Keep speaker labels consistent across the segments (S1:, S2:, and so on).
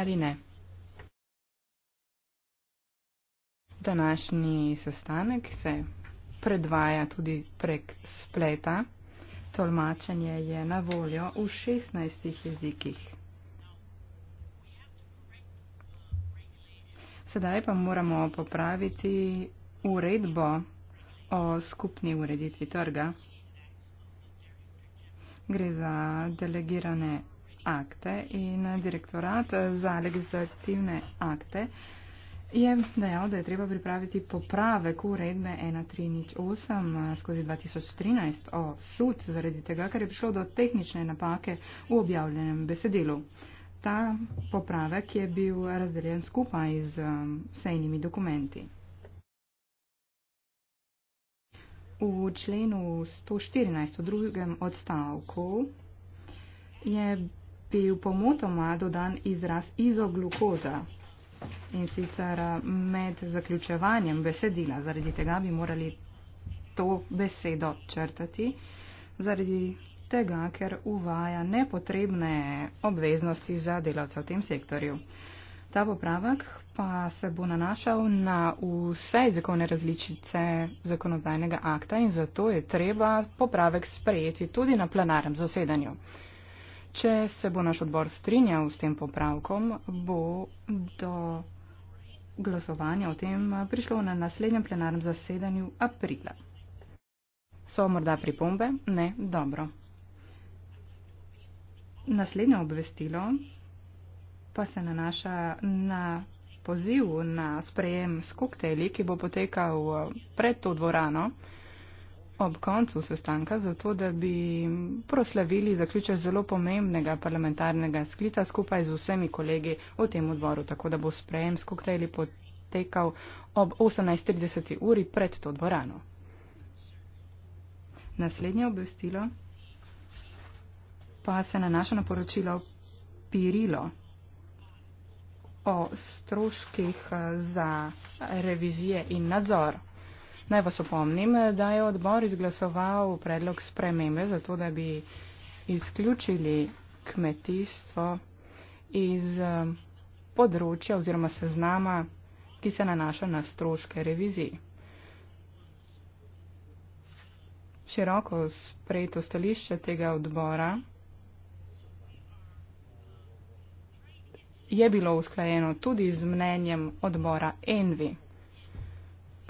S1: ali ne. Današnji sestanek se predvaja tudi prek spleta. Tolmačenje je na voljo v 16 jezikih. Sedaj pa moramo popraviti uredbo o skupni ureditvi trga. Gre za delegirane akte in direktorat za legislativne akte je dejal, da je treba pripraviti popravek uredbe 1308 skozi 2013 o sud zaradi tega, ker je prišlo do tehnične napake v objavljenem besedilu. Ta popravek je bil razdeljen skupaj z sejnimi dokumenti. V členu 114 v drugem odstavku je bil pomotoma dodan izraz izoglukoza in sicer eh, med zaključevanjem besedila. Zaradi tega bi morali to besedo črtati, zaradi tega, ker uvaja nepotrebne obveznosti za delavce v tem sektorju. Ta popravek pa se bo nanašal na vse zakone različice zakonodajnega akta in zato je treba popravek sprejeti tudi na plenarnem zasedanju. Če se bo naš odbor strinjal s tem popravkom, bo do glasovanja o tem prišlo na naslednjem plenarnem zasedanju aprila. So morda pripombe? Ne, dobro. Naslednje obvestilo pa se nanaša na poziv na sprejem s koktejli, ki bo potekal pred to dvorano ob koncu sestanka zato, da bi proslavili zaključek zelo pomembnega parlamentarnega sklica skupaj z vsemi kolegi v tem odboru, tako da bo sprejem skoktajli potekal ob 18.30 uri pred to dvorano. Naslednje obvestilo pa se nanaša na poročilo Pirilo o stroških eh, za revizije in nadzor. Naj vas opomnim, da je odbor izglasoval predlog spremembe za to, da bi izključili kmetijstvo iz eh, področja oziroma seznama, ki se nanaša na stroške revizije. Široko sprejeto stališče tega odbora je bilo usklajeno tudi z mnenjem odbora Envi.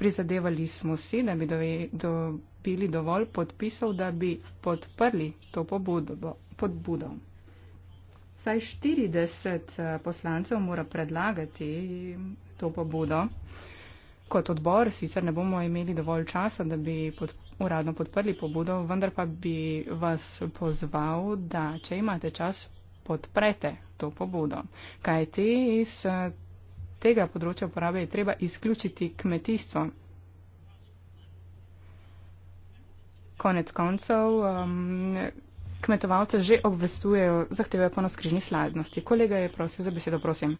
S1: Prizadevali smo si, da bi dobili dovolj podpisov, da bi podprli to podbudo. Vsaj 40 eh, poslancev mora predlagati to pobudo. Kot odbor sicer ne bomo imeli dovolj časa, da bi pod, uradno podprli pobudo, vendar pa bi vas pozval, da če imate čas, podprete to pobudo. Kaj ti iz tega področja uporabe je treba izključiti kmetijstvo. Konec koncev, um, kmetovalce že obvestujejo, zahtevajo ponos križni sladnosti. Kolega je prosil za besedo, prosim.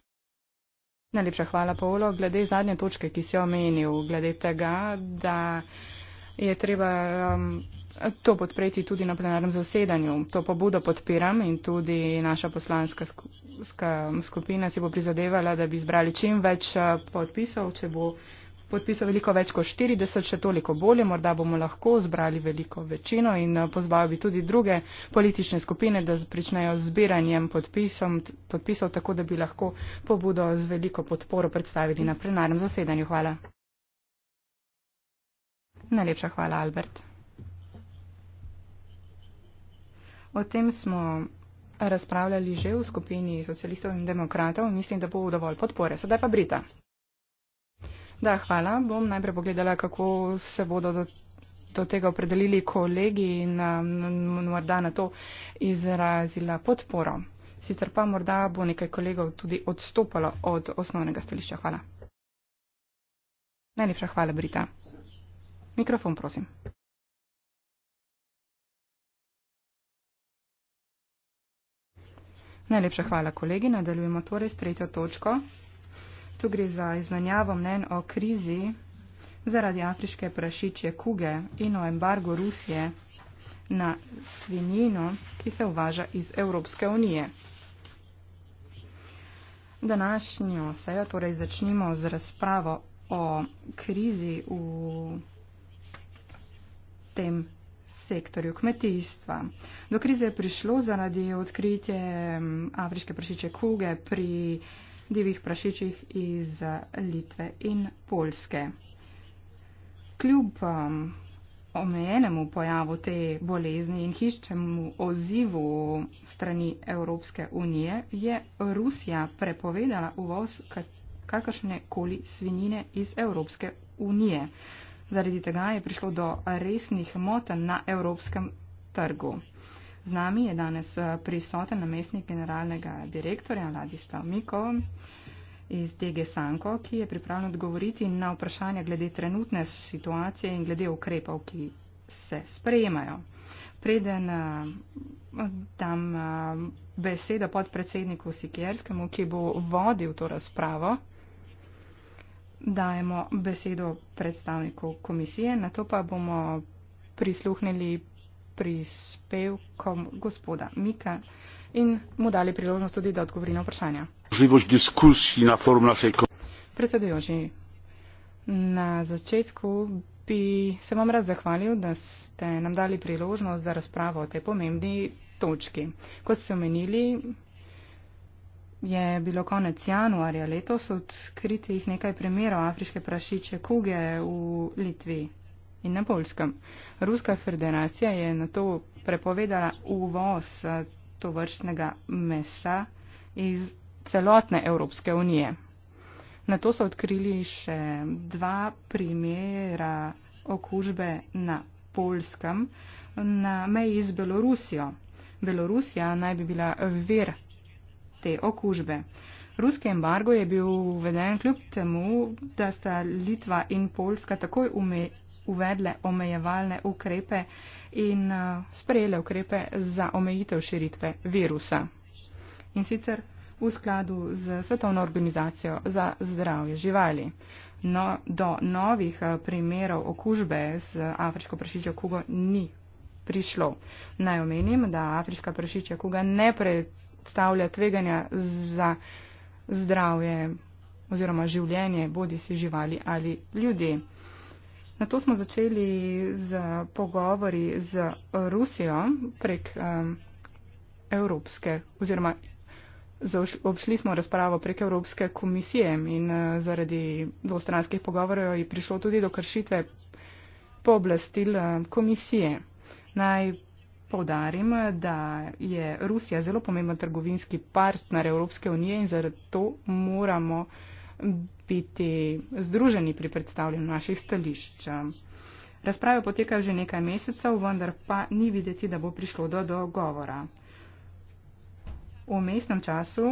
S1: Najlepša hvala, Paolo. Glede zadnje točke, ki si omenil, glede tega, da je treba um, to podpreti tudi na plenarnem zasedanju. To pobudo podpiram in tudi naša poslanska sku skupina si bo prizadevala, da bi zbrali čim več uh, podpisov, če bo podpisov veliko več kot 40, še toliko bolje, morda bomo lahko zbrali veliko večino in uh, pozval bi tudi druge politične skupine, da pričnejo z zbiranjem podpisov, tako da bi lahko pobudo z veliko podporo predstavili na plenarnem zasedanju. Hvala. Najlepša hvala, Albert. O tem smo razpravljali že v skupini socialistov in demokratov. Mislim, da bo dovolj podpore. Sedaj pa Brita. Da, hvala. Bom najprej pogledala, kako se bodo do, do tega opredelili kolegi in um, morda na to izrazila podporo. Sicer pa morda bo nekaj kolegov tudi odstopalo od osnovnega stališča. Hvala. Najlepša hvala, Brita. Mikrofon, prosim. Najlepša hvala, kolegi. Nadaljujemo torej s tretjo točko. Tu gre za izmenjavo mnen o krizi zaradi afriške prašičje kuge in o embargo Rusije na svinjino, ki se uvaža iz Evropske unije. Današnjo sejo torej začnimo z razpravo o krizi v tem sektorju kmetijstva. Do krize je prišlo zaradi odkritja mm, afriške prašiče kuge pri divjih prašičih iz eh, Litve in Polske. Kljub um, omejenemu pojavu te bolezni in hiščemu ozivu strani Evropske unije je Rusija prepovedala uvoz kakršne koli svinjine iz Evropske unije. Zaradi tega je prišlo do resnih motenj na evropskem trgu. Z nami je danes eh, prisoten namestnik generalnega direktorja Ladislav Miko iz DG Sanko, ki je pripravljen odgovoriti na vprašanja glede trenutne situacije in glede ukrepov, ki se sprejemajo. Preden eh, dam eh, besedo podpredsedniku Sikerskemu, ki bo vodil to razpravo, dajemo besedo predstavniku komisije, na to pa bomo prisluhnili prispevkom gospoda Mika in mu dali priložnost tudi, da odgovori na vprašanja. Predsedujoči, na začetku bi se vam raz zahvalil, da ste nam dali priložnost za razpravo o tej pomembni točki. Kot ste omenili, je bilo konec januarja letos odkritih nekaj primerov afriške prašiče kuge v Litvi in na Polskem. Ruska federacija je na to prepovedala uvoz eh, to vrstnega mesa iz celotne Evropske unije. Na to so odkrili še dva primera okužbe na Polskem na meji z Belorusijo. Belorusija naj bi bila vir te okužbe. Ruski embargo je bil uveden kljub temu, da sta Litva in Poljska takoj ume, uvedle omejevalne ukrepe in uh, sprejele ukrepe za omejitev širitve virusa. In sicer v skladu z Svetovno organizacijo za zdravje živali. No, do novih uh, primerov okužbe z afriško prašičjo kugo ni prišlo. Naj omenim, da afriška prašičja kuga ne pre predstavlja tveganja za zdravje oziroma življenje, bodi si živali ali ljudi. Na to smo začeli z pogovori z Rusijo prek um, Evropske oziroma obšli smo razpravo prek Evropske komisije in uh, zaradi dvostranskih pogovorov je prišlo tudi do kršitve pooblastil uh, komisije. Naj Poudarim, da je Rusija zelo pomemben trgovinski partner Evropske unije in zato moramo biti združeni pri predstavljanju naših stališč. Razprave potekajo že nekaj mesecev, vendar pa ni videti, da bo prišlo do dogovora. V mestnem času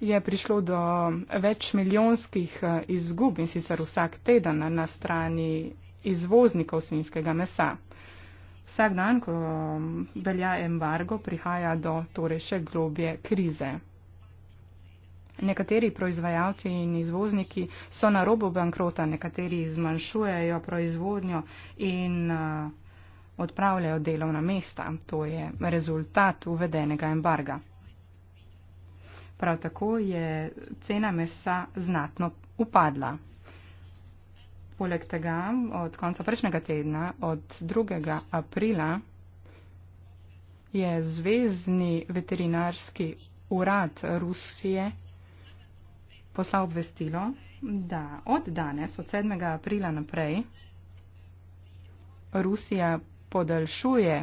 S1: je prišlo do več milijonskih eh, izgub in sicer vsak teden na strani izvoznikov svinjskega mesa vsak dan, ko velja embargo, prihaja do torej še globje krize. Nekateri proizvajalci in izvozniki so na robu bankrota, nekateri zmanjšujejo proizvodnjo in uh, odpravljajo delovna mesta. To je rezultat uvedenega embarga. Prav tako je cena mesa znatno upadla. Poleg tega od konca prejšnjega tedna, od 2. aprila, je Zvezdni veterinarski urad Rusije poslal obvestilo, da od danes, od 7. aprila naprej, Rusija podaljšuje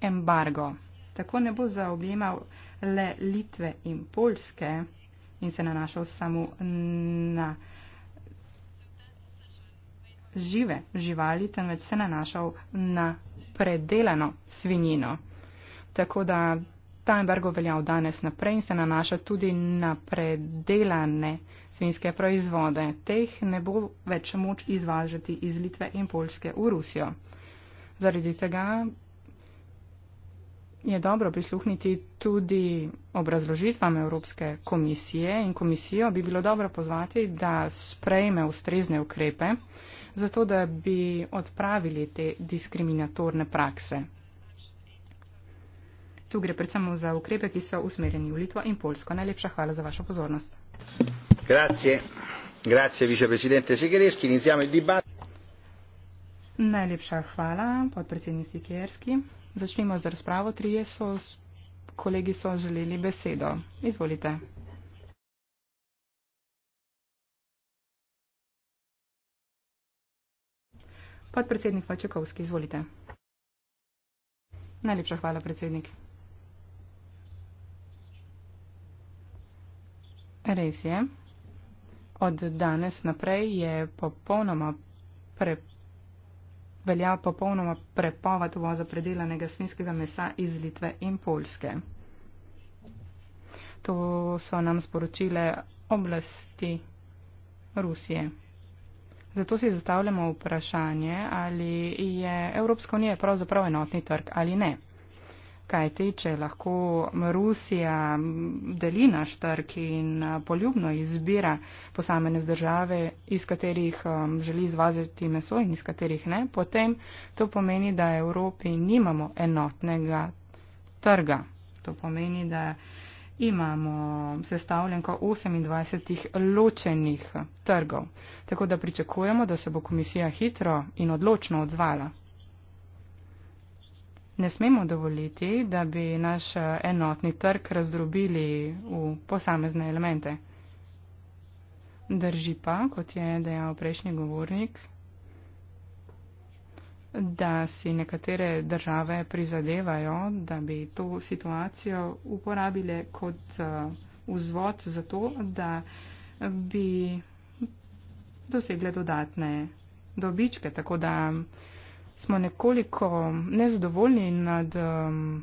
S1: embargo. Tako ne bo zaobjemal le Litve in Polske in se nanašal samo na žive živali, temveč se nanašal na predelano svinjino. Tako da ta embargo velja od danes naprej in se nanaša tudi na predelane svinjske proizvode. Teh ne bo več moč izvažati iz Litve in Poljske v Rusijo. Zaradi tega je dobro prisluhniti tudi obrazložitvam Evropske komisije in komisijo bi bilo dobro pozvati, da sprejme ustrezne ukrepe, zato da bi odpravili te diskriminatorne prakse. Tu gre predvsem za ukrepe, ki so usmerjeni v Litvo in Polsko. Najlepša hvala za vašo pozornost.
S2: Grazie. Grazie, viceprezidente Sigereski. Iniziamo il
S1: dibattito. Najlepša hvala, podpredsednik Sikerski. Začnimo z razpravo. Trije so, kolegi so želeli besedo. Izvolite. Podpredsednik Pačakovski, izvolite. Najlepša hvala, predsednik. Res je. Od danes naprej je popolnoma pre... velja popolnoma prepoved uvoza predelanega svinskega mesa iz Litve in Polske. To so nam sporočile oblasti Rusije. Zato si zastavljamo vprašanje, ali je Evropska unija pravzaprav enotni trg ali ne. Kaj te, če lahko Rusija deli naš trg in poljubno izbira posamezne države, iz katerih želi izvaziti meso in iz katerih ne, potem to pomeni, da Evropi nimamo enotnega trga. To pomeni, da imamo sestavljenko 28 ločenih trgov, tako da pričakujemo, da se bo komisija hitro in odločno odzvala. Ne smemo dovoliti, da bi naš enotni trg razdrobili v posamezne elemente. Drži pa, kot je dejal prejšnji govornik, da si nekatere države prizadevajo, da bi to situacijo uporabile kot eh, vzvod za to, da bi dosegle dodatne dobičke. Tako da smo nekoliko nezadovoljni nad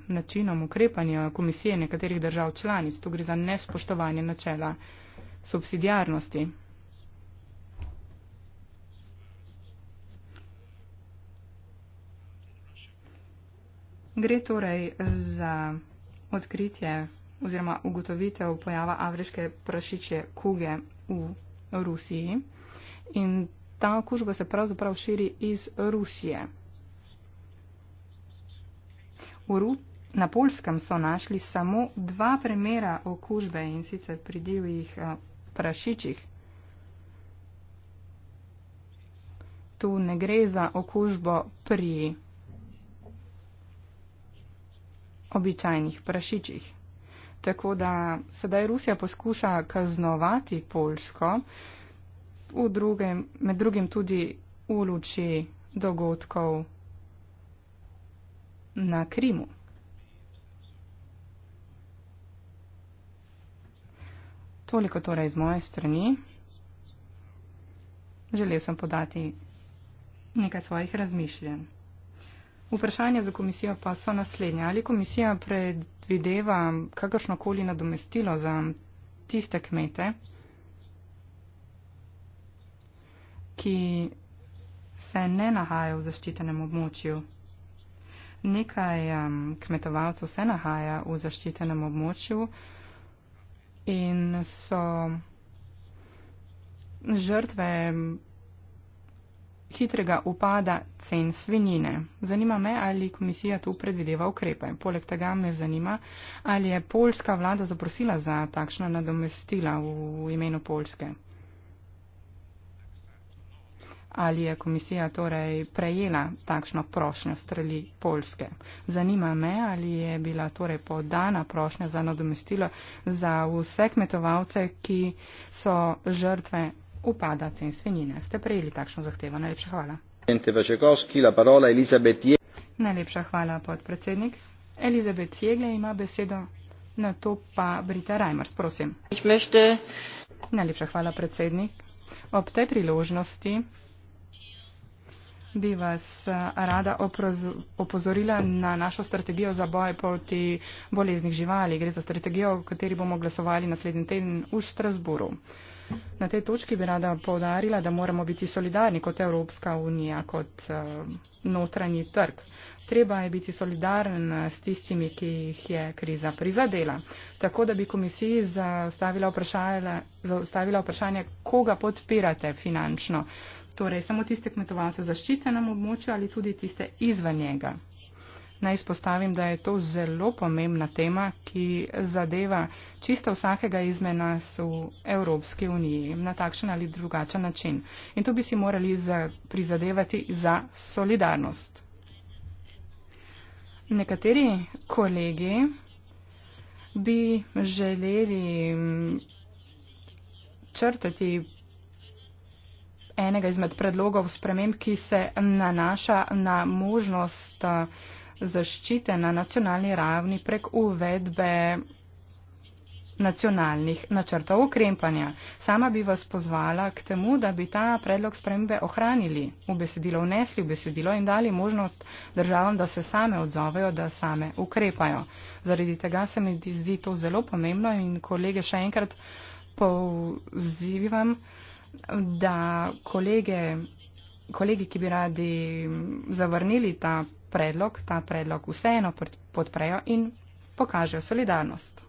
S1: načinom ukrepanja komisije nekaterih držav članic. Tu gre za nespoštovanje načela subsidijarnosti. Gre torej za odkritje oziroma ugotovitev pojava afriške prašičje kuge v Rusiji. In ta okužba se pravzaprav širi iz Rusije. V Ru na Polskem so našli samo dva primera okužbe in sicer pri divjih eh, prašičih. Tu ne gre za okužbo pri običajnih prašičih. Tako da sedaj Rusija poskuša kaznovati Poljsko, drugem, med drugim tudi v luči dogodkov na Krimu. Toliko torej z moje strani. Želel sem podati nekaj svojih razmišljenj. Vprašanje za komisijo pa so naslednje. Ali komisija predvideva kakršnokoli nadomestilo za tiste kmete, ki se ne nahajajo v zaščitenem območju? Nekaj kmetovalcev se nahaja v zaščitenem območju in so žrtve hitrega upada cen svinjine. Zanima me, ali komisija tu predvideva ukrepe. Poleg tega me zanima, ali je polska vlada zaprosila za takšna nadomestila v imenu Polske. Ali je komisija torej prejela takšno prošnjo strani Polske? Zanima me, ali je bila torej podana prošnja za nadomestilo za vse kmetovalce, ki so žrtve upada cen svinjine. Ste prejeli takšno zahtevo. Najlepša hvala. Najlepša hvala, podpredsednik. Elizabet Jegle ima besedo, na to pa Brita Reimers, prosim. Najlepša hvala, predsednik. Ob tej priložnosti bi vas eh, rada opozorila na našo strategijo za boj proti boleznih živali. Gre za strategijo, o kateri bomo glasovali naslednji teden v Strasburu. Na tej točki bi rada povdarila, da moramo biti solidarni kot Evropska unija, kot uh, notranji trg. Treba je biti solidaren eh, s tistimi, ki jih je kriza prizadela. Tako da bi komisiji zastavila vprašanje, zastavila vprašanje koga podpirate finančno. Torej, samo tiste kmetovalce zaščitenem območju ali tudi tiste izven njega. Naj izpostavim, da je to zelo pomembna tema, ki zadeva čisto vsakega izmed nas v Evropski uniji na takšen ali drugačen način. In to bi si morali za, prizadevati za solidarnost. Nekateri kolegi bi želeli mm, črtati enega izmed predlogov sprememb, ki se nanaša na možnost uh, zaščite na nacionalni ravni prek uvedbe nacionalnih načrtov ukrepanja. Sama bi vas pozvala k temu, da bi ta predlog spremembe ohranili v besedilo, vnesli v besedilo in dali možnost državam, da se same odzovejo, da same ukrepajo. Zaradi tega se mi zdi to zelo pomembno in kolege še enkrat pozivam, da kolege, kolegi, ki bi radi zavrnili ta predlog, ta predlog vseeno podprejo in pokažejo solidarnost.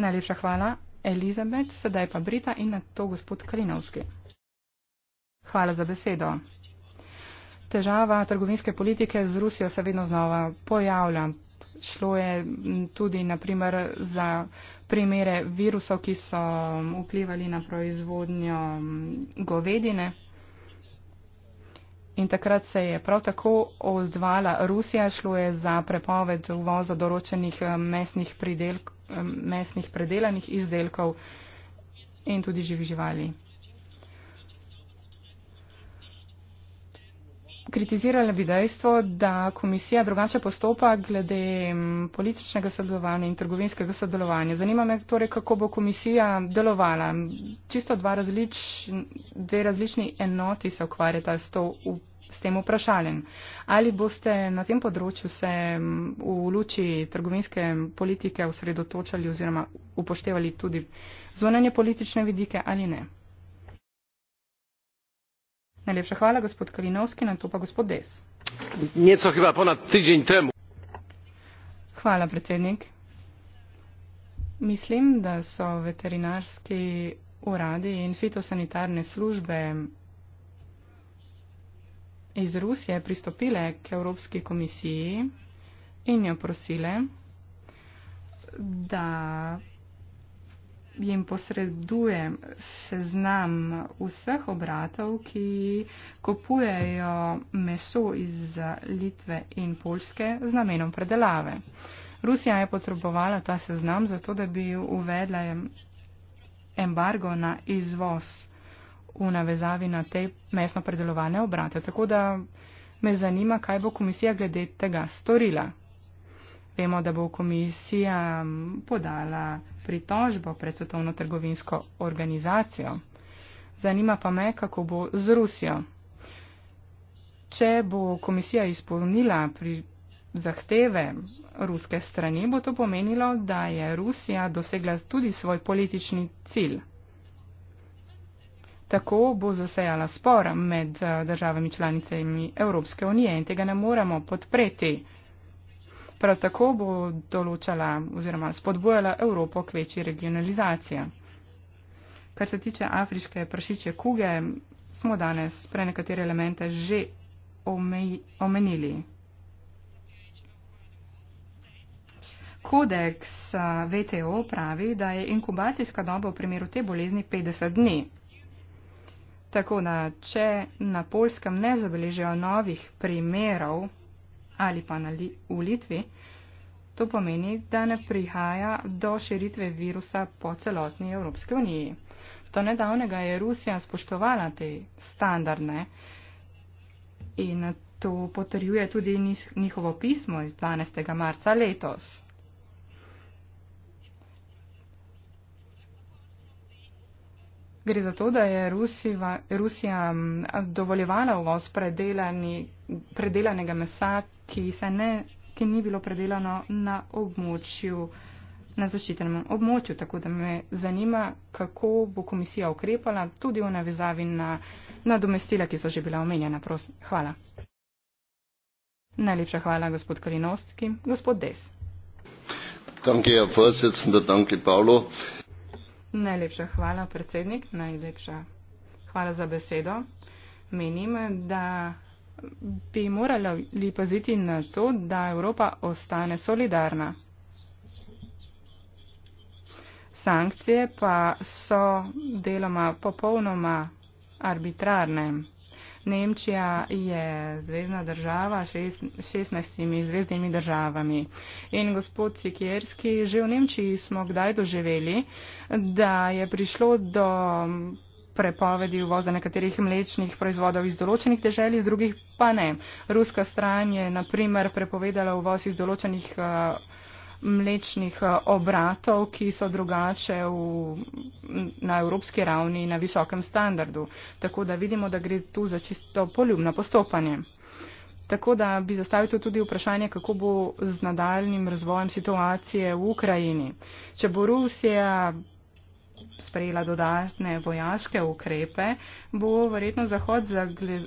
S1: Najlepša hvala, Elizabeth, sedaj pa Brita in na to gospod Kalinovski. Hvala za besedo. Težava trgovinske politike z Rusijo se vedno znova pojavlja. Šlo je tudi naprimer za primere virusov, ki so vplivali na proizvodnjo govedine, In takrat se je prav tako odzvala Rusija, šlo je za prepoved uvoza določenih eh, mesnih, pridelk, eh, mesnih predelanih izdelkov in tudi živih živali. kritizirali bi dejstvo, da komisija drugače postopa glede mm, političnega sodelovanja in trgovinskega sodelovanja. Zanima me torej, kako bo komisija delovala. Čisto dva različ, dve različni enoti se ukvarjata s, to, v, s tem vprašanjem. Ali boste na tem področju se mm, v luči trgovinske politike osredotočali oziroma upoštevali tudi zunanje politične vidike ali ne? Najlepša hvala, gospod Kalinovski, na to pa gospod Des.
S2: Nieco chyba ponad tydzień temu.
S1: Hvala, predsednik. Mislim, da so veterinarski uradi in fitosanitarne službe iz Rusije pristopile k Evropski komisiji in jo prosile, da jim posredujem seznam vseh obratov, ki kupujejo meso iz Litve in Poljske z namenom predelave. Rusija je potrebovala ta seznam zato, da bi uvedla embargo na izvoz v navezavi na te mesno predelovane obrate. Tako da me zanima, kaj bo komisija glede tega storila. Vemo, da bo komisija podala pritožbo pred svetovno trgovinsko organizacijo. Zanima pa me, kako bo z Rusijo. Če bo komisija izpolnila pri zahteve ruske strani, bo to pomenilo, da je Rusija dosegla tudi svoj politični cilj. Tako bo zasejala spor med eh, državami članicami Evropske unije in tega ne moremo podpreti. Prav tako bo določala oziroma spodbojala Evropo k večji regionalizaciji. Kar se tiče afriške prašiče kuge, smo danes pre nekatere elemente že omej, omenili. Kodeks VTO pravi, da je inkubacijska doba v primeru te bolezni 50 dni. Tako da, če na polskem ne zabeležijo novih primerov, ali pa li, v Litvi, to pomeni, da ne prihaja do širitve virusa po celotni Evropske uniji. To nedavnega je Rusija spoštovala te standardne in to potrjuje tudi njihovo pismo iz 12. marca letos. Gre za to, da je Rusiva, Rusija dovoljevala uvoz predelanega mesa, ki, ne, ki ni bilo predelano na območju, na zaščitenem območju. Tako da me zanima, kako bo komisija ukrepala tudi v navezavi na, na domestila, ki so že bila omenjena. Prosim. Hvala. Najlepša hvala, gospod Kalinovski. Gospod Des. Danke, ja, Najlepša hvala, predsednik. Najlepša hvala za besedo. Menim, da bi morali paziti na to, da Evropa ostane solidarna. Sankcije pa so deloma popolnoma arbitrarne. Nemčija je zvezdna država s 16 zvezdnimi državami. In gospod Sikierski, že v Nemčiji smo kdaj doživeli, da je prišlo do prepovedi uvoza nekaterih mlečnih proizvodov iz določenih dežel, iz drugih pa ne. Ruska stran je naprimer prepovedala uvoz iz določenih uh, mlečnih eh, obratov, ki so drugače v, na evropski ravni na visokem standardu. Tako da vidimo, da gre tu za čisto poljubno postopanje. Tako da bi zastavil tudi vprašanje, kako bo z nadaljnim razvojem situacije v Ukrajini. Če bo Rusija sprejela dodatne vojaške ukrepe, bo verjetno Zahod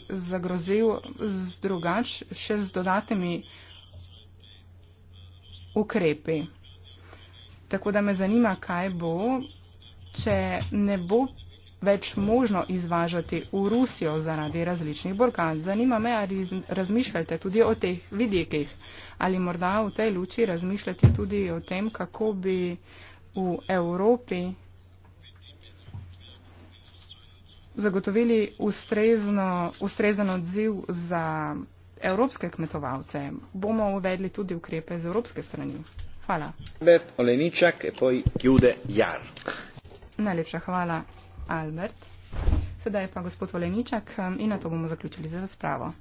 S1: zagrozil z drugač, še z dodatnimi ukrepi. Tako da me zanima, kaj bo, če ne bo več možno izvažati v Rusijo zaradi različnih borkan. Zanima me, ali razmišljate tudi o teh vidikih, ali morda v tej luči razmišljate tudi o tem, kako bi v Evropi zagotovili ustrezno, ustrezen odziv za evropske kmetovalce. Bomo uvedli tudi ukrepe z evropske strani. Hvala.
S2: Albert Oleničak, poj Jude Jar.
S1: Najlepša hvala, Albert. Sedaj pa gospod Oleničak um, in na to bomo zaključili za razpravo.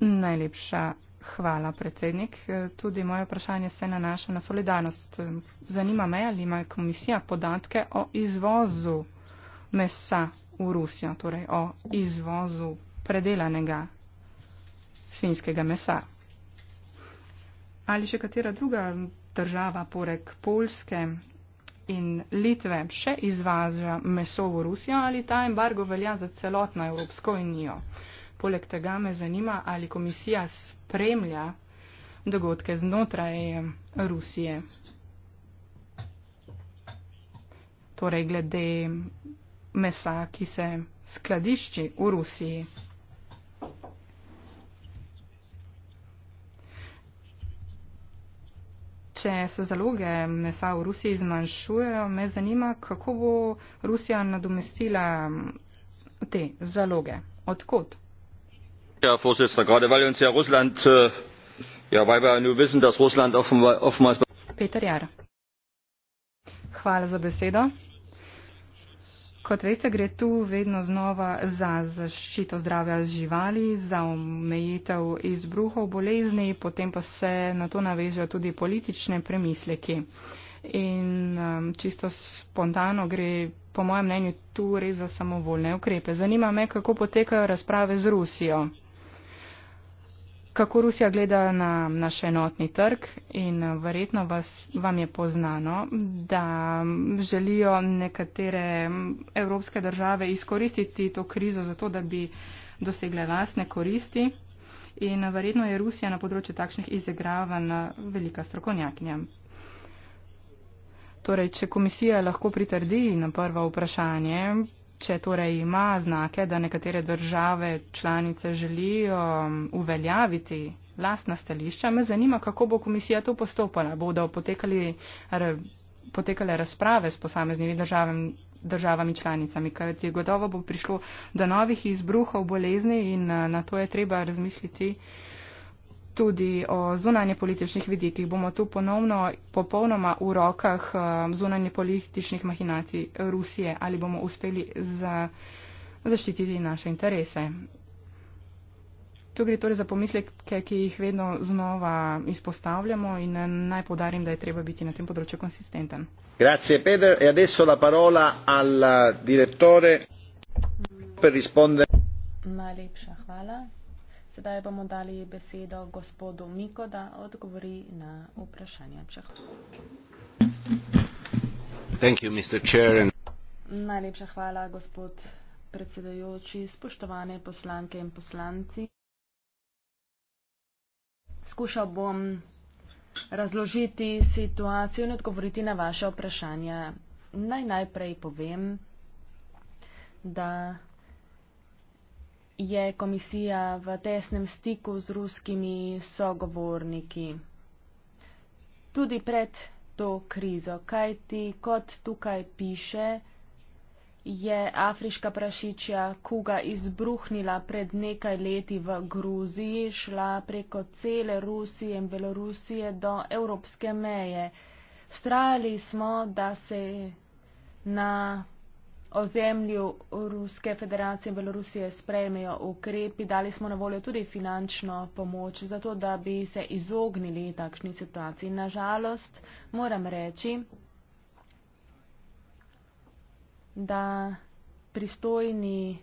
S1: Najlepša hvala, predsednik. Tudi moje vprašanje se nanaša na solidarnost. Zanima me, ali ima komisija podatke o izvozu mesa v Rusijo, torej o izvozu predelanega svinskega mesa. Ali še katera druga država poleg Polske in Litve še izvaža meso v Rusijo ali ta embargo velja za celotno Evropsko unijo? Poleg tega me zanima, ali komisija spremlja dogodke znotraj Rusije. Torej, glede mesa, ki se skladišči v Rusiji. če se zaloge mesa v Rusiji zmanjšujejo, me zanima, kako bo Rusija nadomestila mm, te zaloge. Odkot?
S3: Ja, ja äh, ja,
S1: Peter Jar. Hvala za besedo. Kot veste, gre tu vedno znova za zaščito zdravja živali, za omejitev izbruhov bolezni, potem pa se na to navežajo tudi politične premisleki. In um, čisto spontano gre, po mojem mnenju, tu res za samovoljne ukrepe. Zanima me, kako potekajo razprave z Rusijo kako Rusija gleda na naš enotni trg in eh, verjetno vas, vam je poznano, da mm, želijo nekatere mm, evropske države izkoristiti to krizo zato, da bi dosegle lastne koristi. In eh, verjetno je Rusija na področju takšnih izigravanj eh, velika strokovnjakinja. Torej, če komisija lahko pritrdi na prvo vprašanje, če torej ima znake, da nekatere države članice želijo um, uveljaviti lastna stališča, me zanima, kako bo komisija to postopala. Bodo potekali, re, potekale razprave s posameznimi državami, državami članicami, kajti gotovo bo prišlo do novih izbruhov bolezni in uh, na to je treba razmisliti. Uh, tudi o zunanje političnih vidikih. Bomo tu ponovno popolnoma v rokah eh, zunanje političnih mahinacij Rusije ali bomo uspeli za, zaščititi naše interese. Tu gre torej za pomisleke, ki jih vedno znova izpostavljamo in eh, naj podarim, da je treba biti na tem področju konsistenten.
S2: Grazie Peter. E adesso la parola al eh, direttore
S4: per rispondere. Najlepša hvala. Sedaj bomo dali besedo gospodu Miko, da odgovori na vprašanje.
S2: You,
S4: Najlepša hvala, gospod predsedajoči, spoštovane poslanke in poslanci. Skušal bom razložiti situacijo in odgovoriti na vaše vprašanje. Naj najprej povem, da je komisija v tesnem stiku z ruskimi sogovorniki. Tudi pred to krizo, kaj ti kot tukaj piše, je afriška prašičja kuga izbruhnila pred nekaj leti v Gruziji, šla preko cele Rusije in Belorusije do evropske meje. Vstrajali smo, da se na ozemlju Ruske federacije in Belorusije sprejmejo ukrepi, dali smo na voljo tudi finančno pomoč, zato da bi se izognili takšni situaciji. Nažalost, moram reči, da pristojni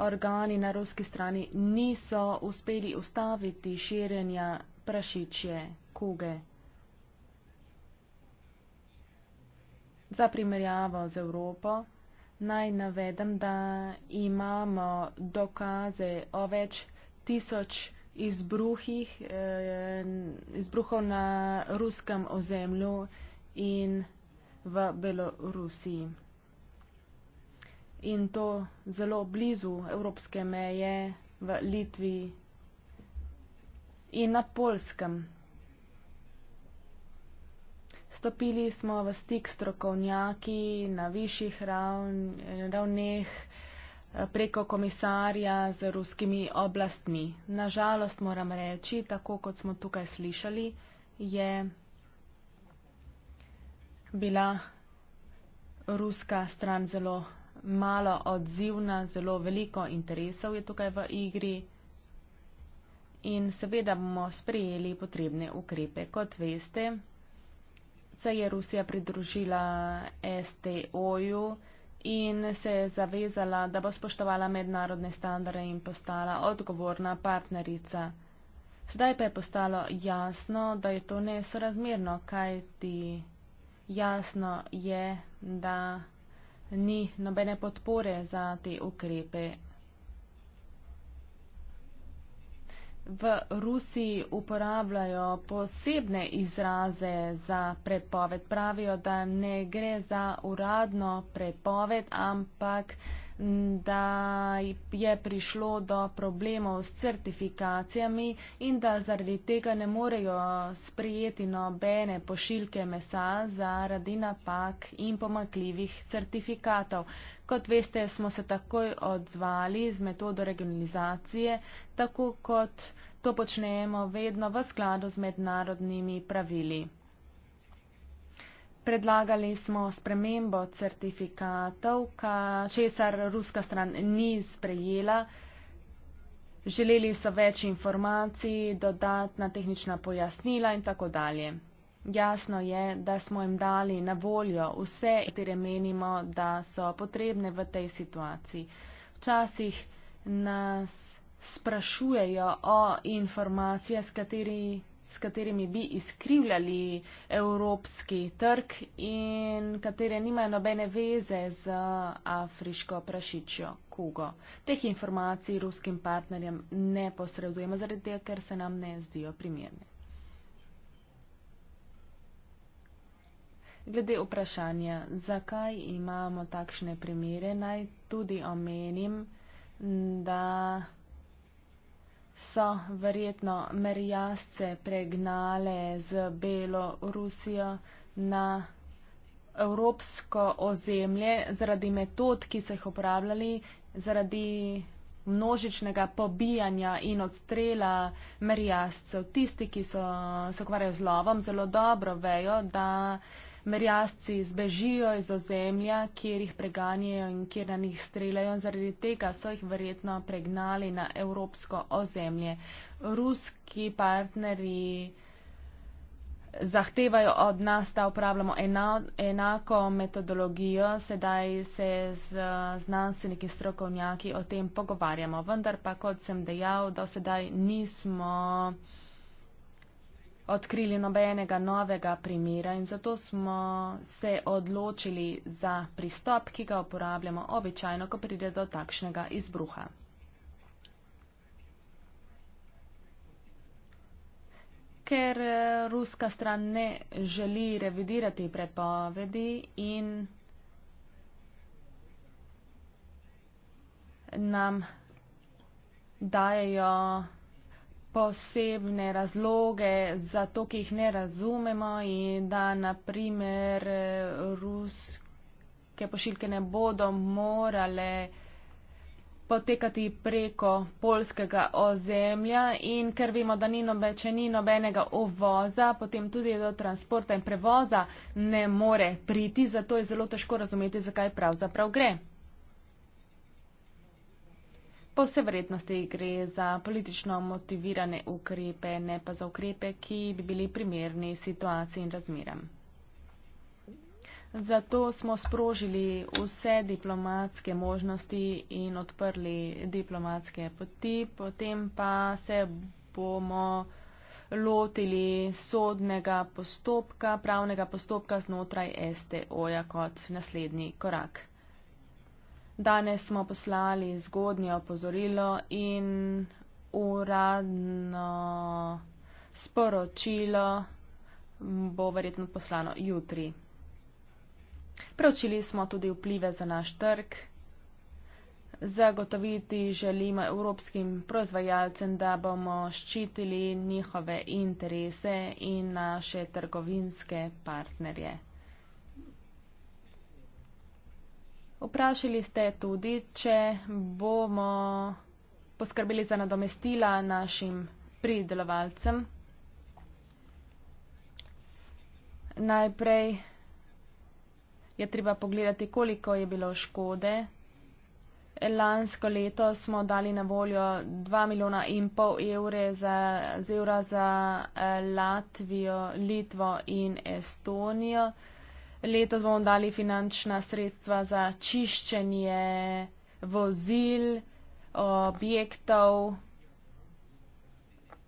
S4: organi na ruski strani niso uspeli ustaviti širjenja prašičje kuge. Za primerjavo z Evropo, naj navedem, da imamo dokaze o več tisoč izbruhih, eh, izbruhov na ruskem ozemlju in v Belorusiji. In to zelo blizu evropske meje v Litvi in na polskem. Stopili smo v stik s trokovnjaki na višjih ravn, ravneh eh, preko komisarja z ruskimi oblastmi. Nažalost moram reči, tako kot smo tukaj slišali, je bila ruska stran zelo malo odzivna, zelo veliko interesov je tukaj v igri in seveda bomo sprejeli potrebne ukrepe. Kot veste, se je Rusija pridružila STO-ju in se je zavezala, da bo spoštovala mednarodne standarde in postala odgovorna partnerica. Zdaj pa je postalo jasno, da je to nesorazmerno, kaj ti jasno je, da ni nobene podpore za te ukrepe v Rusiji uporabljajo posebne izraze za prepoved. Pravijo, da ne gre za uradno prepoved, ampak da je prišlo do problemov s certifikacijami in da zaradi tega ne morejo sprijeti nobene pošiljke mesa zaradi napak in pomakljivih certifikatov. Kot veste, smo se takoj odzvali z metodo regionalizacije, tako kot to počnemo vedno v skladu z mednarodnimi pravili. Predlagali smo spremembo certifikatov, česar ruska stran ni sprejela. Želeli so več informacij, dodatna tehnična pojasnila in tako dalje. Jasno je, da smo jim dali na voljo vse, katere menimo, da so potrebne v tej situaciji. Včasih nas sprašujejo o informacijah, s katerimi s katerimi bi izkrivljali evropski trg in katere nimajo nobene veze z afriško prašičjo kugo. Teh informacij ruskim partnerjem ne posredujemo, zaradi tega, ker se nam ne zdijo primerne. Glede vprašanja, zakaj imamo takšne primere, naj tudi omenim, da so verjetno merjasce pregnale z Belorusijo na evropsko ozemlje zaradi metod, ki so jih uporabljali, zaradi množičnega pobijanja in odstrela merjascev. Tisti, ki so se ukvarjali z lovom, zelo dobro vejo, da Merjasci zbežijo iz ozemlja, kjer jih preganjajo in kjer na njih streljajo. Zaradi tega so jih verjetno pregnali na evropsko ozemlje. Ruski partnerji zahtevajo od nas, da uporabljamo ena, enako metodologijo. Sedaj se z znanstveniki strokovnjaki o tem pogovarjamo. Vendar pa, kot sem dejal, do sedaj nismo odkrili nobenega novega primera in zato smo se odločili za pristop, ki ga uporabljamo običajno, ko pride do takšnega izbruha. Ker eh, ruska stran ne želi revidirati prepovedi in nam dajejo posebne razloge za to, ki jih ne razumemo in da naprimer ruske pošiljke ne bodo morale potekati preko polskega ozemlja in ker vemo, da ni nobe, če ni nobenega uvoza, potem tudi do transporta in prevoza ne more priti, zato je zelo težko razumeti, zakaj pravzaprav gre. Po vse vrednosti gre za politično motivirane ukrepe, ne pa za ukrepe, ki bi bili primerni situaciji in razmeram. Zato smo sprožili vse diplomatske možnosti in odprli diplomatske poti, potem pa se bomo lotili sodnega postopka, pravnega postopka znotraj STO-ja kot naslednji korak. Danes smo poslali zgodnje opozorilo in uradno sporočilo bo verjetno poslano jutri. Preučili smo tudi vplive za naš trg. Zagotoviti želimo evropskim proizvajalcem, da bomo ščitili njihove interese in naše trgovinske partnerje. Vprašali ste tudi, če bomo poskrbeli za nadomestila našim pridelovalcem. Najprej je treba pogledati, koliko je bilo škode. Lansko leto smo dali na voljo 2 milijona in pol evre za, evra za eh, Latvijo, Litvo in Estonijo letos bomo dali finančna sredstva za čiščenje vozil, objektov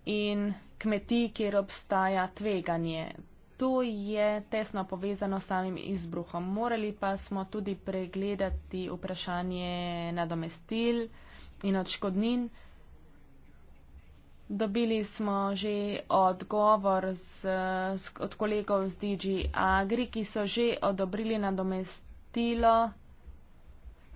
S4: in kmetij, kjer obstaja tveganje. To je tesno povezano s samim izbruhom. Morali pa smo tudi pregledati vprašanje nadomestil in odškodnin. Dobili smo že odgovor z, z, od kolegov z DG Agri, ki so že odobrili nadomestilo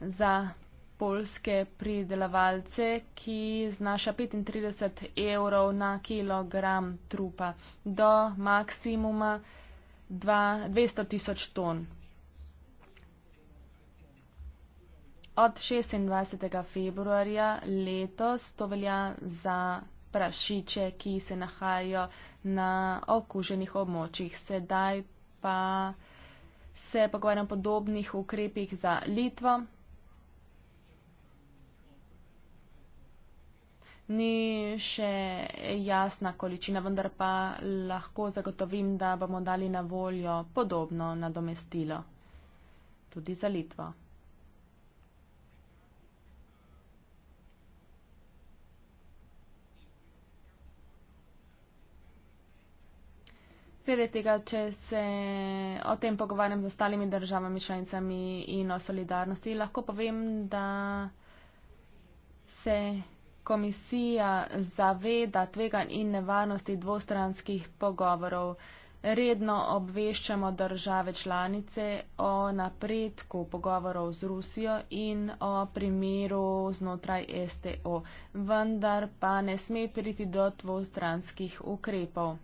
S4: za polske pridelovalce, ki znaša 35 evrov na kilogram trupa do maksimuma 200 tisoč ton. Od 26. februarja letos to velja za prašiče, ki se nahajajo na okuženih območjih. Sedaj pa se pogovarjam o podobnih ukrepih za Litvo. Ni še jasna količina, vendar pa lahko zagotovim, da bomo dali na voljo podobno nadomestilo tudi za Litvo. podpiri tega, če se o tem pogovarjam z ostalimi državami, članicami in o solidarnosti. Lahko povem, da se komisija zaveda tveganj in nevarnosti dvostranskih pogovorov. Redno obveščamo države članice o napredku pogovorov z Rusijo in o primeru znotraj STO, vendar pa ne sme priti do dvostranskih ukrepov.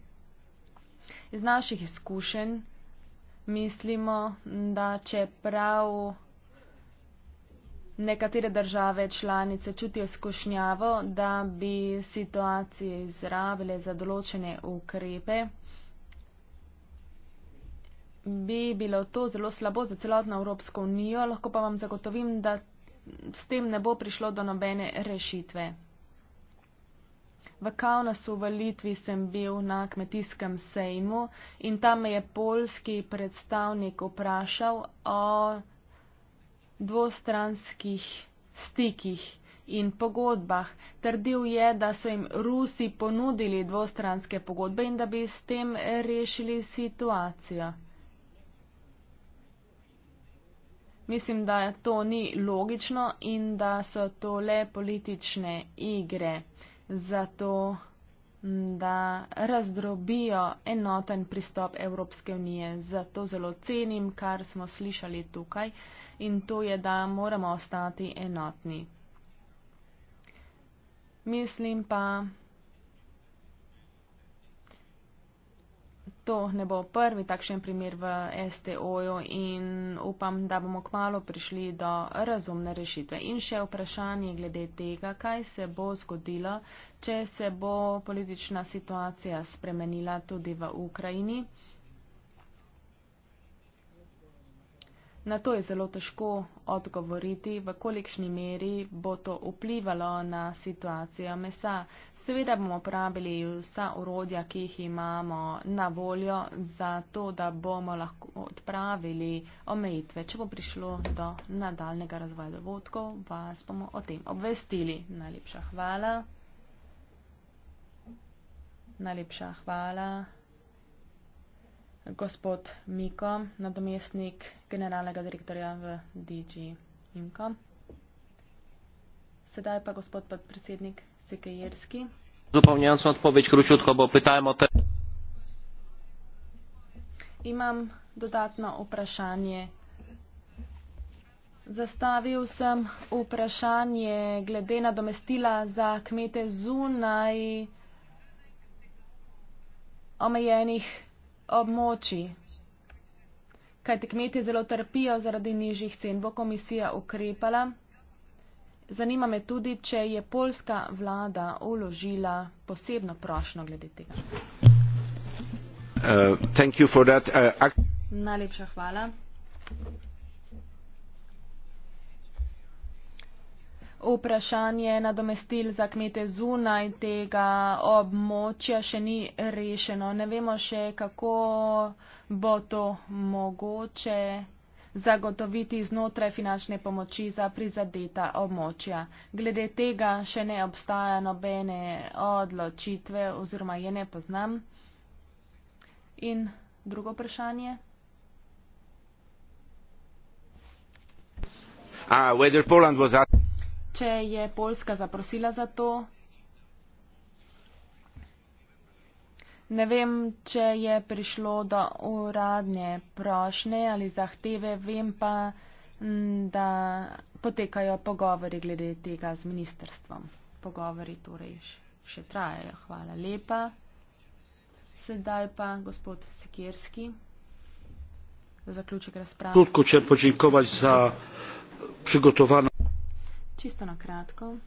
S4: Iz naših izkušenj mislimo, da čeprav nekatere države članice čutijo skušnjavo, da bi situacije izrabile za določene ukrepe, bi bilo to zelo slabo za celotno Evropsko unijo, lahko pa vam zagotovim, da s tem ne bo prišlo do nobene rešitve. V Kaunasu v Litvi sem bil na kmetijskem sejmu in tam me je polski predstavnik vprašal o dvostranskih stikih in pogodbah. Trdil je, da so jim Rusi ponudili dvostranske pogodbe in da bi s tem rešili situacijo. Mislim, da to ni logično in da so to le politične igre zato, da razdrobijo enoten pristop Evropske unije. Zato zelo cenim, kar smo slišali tukaj in to je, da moramo ostati enotni. Mislim pa, to ne bo prvi takšen primer v STO-ju in upam, da bomo k malu prišli do razumne rešitve. In še vprašanje glede tega, kaj se bo zgodilo, če se bo politična situacija spremenila tudi v Ukrajini. Na to je zelo težko odgovoriti, v kolikšni meri bo to vplivalo na situacijo mesa. Seveda bomo uporabili vsa urodja, ki jih imamo na voljo, zato da bomo lahko odpravili omejitve. Če bo prišlo do nadaljnega razvoja dogodkov, vas bomo o tem obvestili. Najlepša hvala. Najlepša hvala gospod Miko, nadomestnik generalnega direktorja v DG Imko. Sedaj pa gospod podpredsednik Sekejerski.
S2: Zupomnjam sem odpoveč kručutko, bo pitajmo te.
S4: Imam dodatno vprašanje. Zastavil sem vprašanje glede na domestila za kmete zunaj omejenih območij. Kaj te kmetje zelo trpijo zaradi nižjih cen? Bo komisija ukrepala? Zanima me tudi, če je polska vlada uložila posebno prošno glede tega.
S2: Uh, uh,
S4: Najlepša hvala. vprašanje nadomestil za kmete zunaj tega območja še ni rešeno. Ne vemo še, kako bo to mogoče zagotoviti znotraj finančne pomoči za prizadeta območja. Glede tega še ne obstaja nobene odločitve oziroma je ne poznam. In drugo vprašanje.
S2: Uh, whether Poland was at
S4: če je Poljska zaprosila za to. Ne vem, če je prišlo do uradne prošnje ali zahteve, vem pa, mm, da potekajo pogovori glede tega z ministerstvom. Pogovori torej še trajajo. Hvala lepa. Sedaj pa gospod Sikerski. Zaključek razprave. Kratko,
S2: če počinkovati za pripravljeno
S4: čisto na kratko.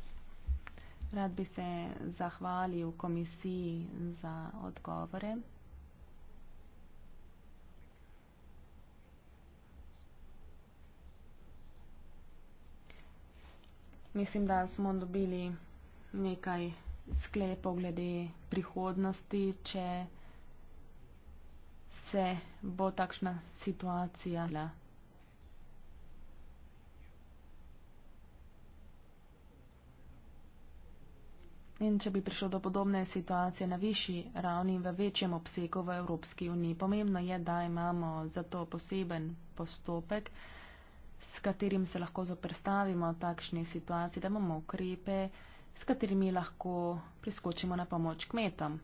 S4: Rad bi se zahvalil komisiji za odgovore. Mislim, da smo dobili nekaj sklepov glede prihodnosti, če se bo takšna situacija. Hvala. In če bi prišlo do podobne situacije na višji ravni in v večjem obsegu v Evropski uniji, pomembno je, da imamo za to poseben postopek, s katerim se lahko zoprstavimo takšni situaciji, da imamo ukrepe, s katerimi lahko priskočimo na pomoč kmetom.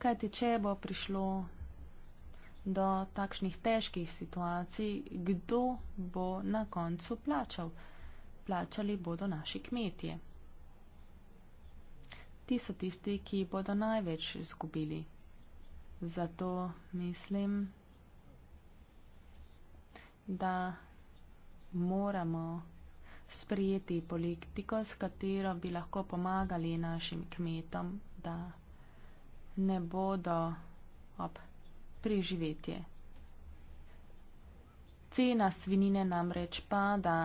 S4: Kajti, če bo prišlo do takšnih težkih situacij, kdo bo na koncu plačal? plačali bodo naši kmetje. Ti so tisti, ki bodo največ izgubili. Zato mislim, da moramo sprijeti politiko, s katero bi lahko pomagali našim kmetom, da ne bodo ob preživetje. Cena svinine namreč pada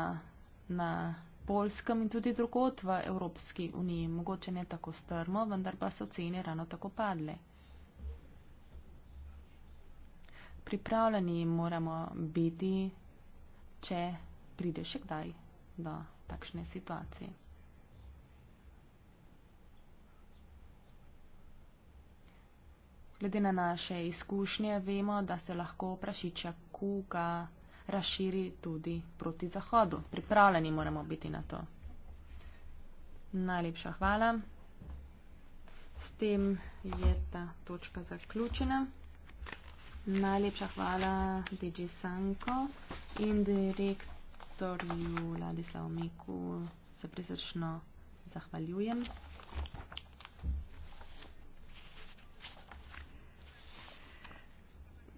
S4: na Polskem in tudi drugot v Evropski uniji. Mogoče ne tako strmo, vendar pa so cene rano tako padle. Pripravljeni moramo biti, če pride še kdaj do takšne situacije. Glede na naše izkušnje vemo, da se lahko prašiča kuka razširi tudi proti zahodu. Pripravljeni moramo biti na to. Najlepša hvala. S tem je ta točka zaključena. Najlepša hvala DJ Sanko in direktorju Ladislavu Miku. Se prisrčno zahvaljujem.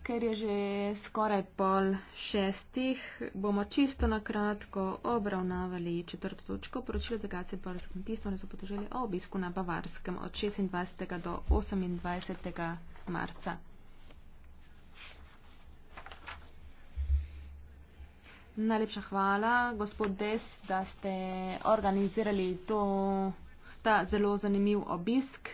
S4: ker je že skoraj pol šestih, bomo čisto na kratko obravnavali četrto točko poročila delegacije Borisa Kmetijstva na zapotoželje o obisku na Bavarskem od 26. do 28. marca. Najlepša hvala, gospod Des, da ste organizirali to, ta zelo zanimiv obisk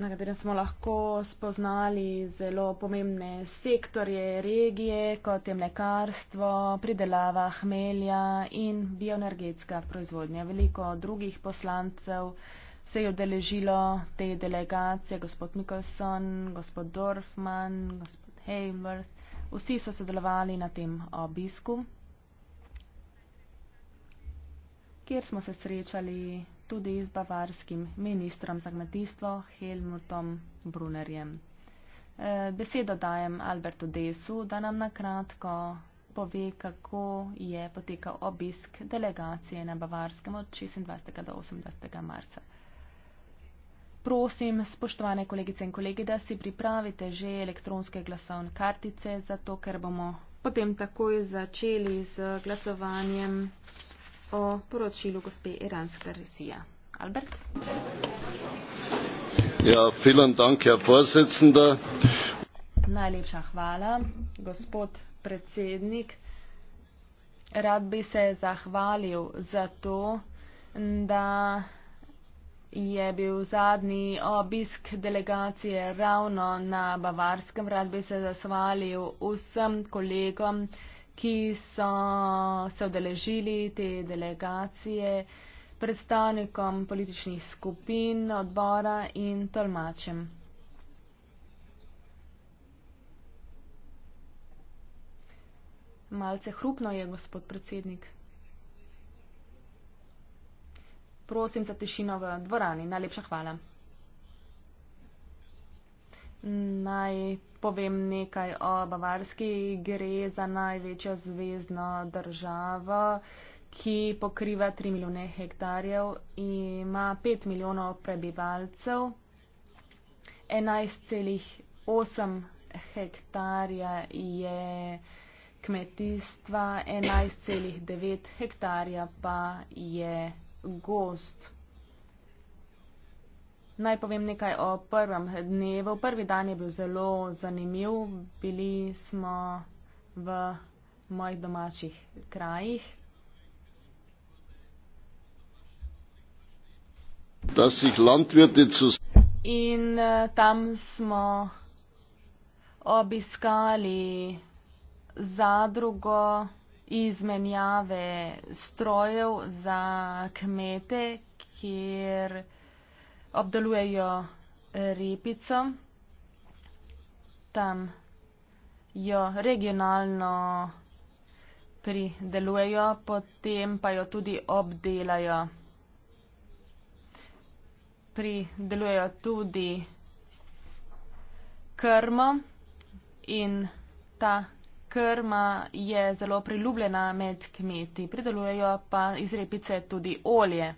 S4: na katerem smo lahko spoznali zelo pomembne sektorje regije, kot je mlekarstvo, pridelava hmelja in bioenergetska proizvodnja. Veliko drugih poslancev se je odeležilo te delegacije, gospod Nicholson, gospod Dorfman, gospod Heimworth. Vsi so sodelovali na tem obisku, kjer smo se srečali tudi z bavarskim ministrom za kmetijstvo Helmutom Brunerjem. E, besedo dajem Albertu Desu, da nam na kratko pove, kako je potekal obisk delegacije na Bavarskem od 26. do 18. marca. Prosim, spoštovane kolegice in kolegi, da si pripravite že elektronske glasovne kartice, zato ker bomo potem takoj začeli z glasovanjem o poročilu gospe iranska resija. Albert?
S3: Ja, vielen Dank, Herr Vorsitzender.
S4: Najlepša hvala, gospod predsednik. Rad bi se zahvalil za to, da je bil zadnji obisk delegacije ravno na Bavarskem. Rad bi se zahvalil vsem kolegom, ki so se odeležili te delegacije predstavnikom političnih skupin odbora in tolmačem. Malce hrupno je, gospod predsednik. Prosim za tišino v dvorani. Najlepša hvala. Naj povem nekaj o Bavarski. Gre za največjo zvezdno državo, ki pokriva 3 milijone hektarjev in ima 5 milijonov prebivalcev. 11,8 hektarja je kmetijstva, 11,9 hektarja pa je gost. Naj povem nekaj o prvem dnevu. Prvi dan je bil zelo zanimiv. Bili smo v mojih domačih krajih. In eh, tam smo obiskali zadrugo izmenjave strojev za kmete, kjer obdelujejo eh, repico, tam jo regionalno pridelujejo, potem pa jo tudi obdelajo. Pridelujejo tudi krmo in ta krma je zelo priljubljena med kmeti. Pridelujejo pa iz repice tudi olje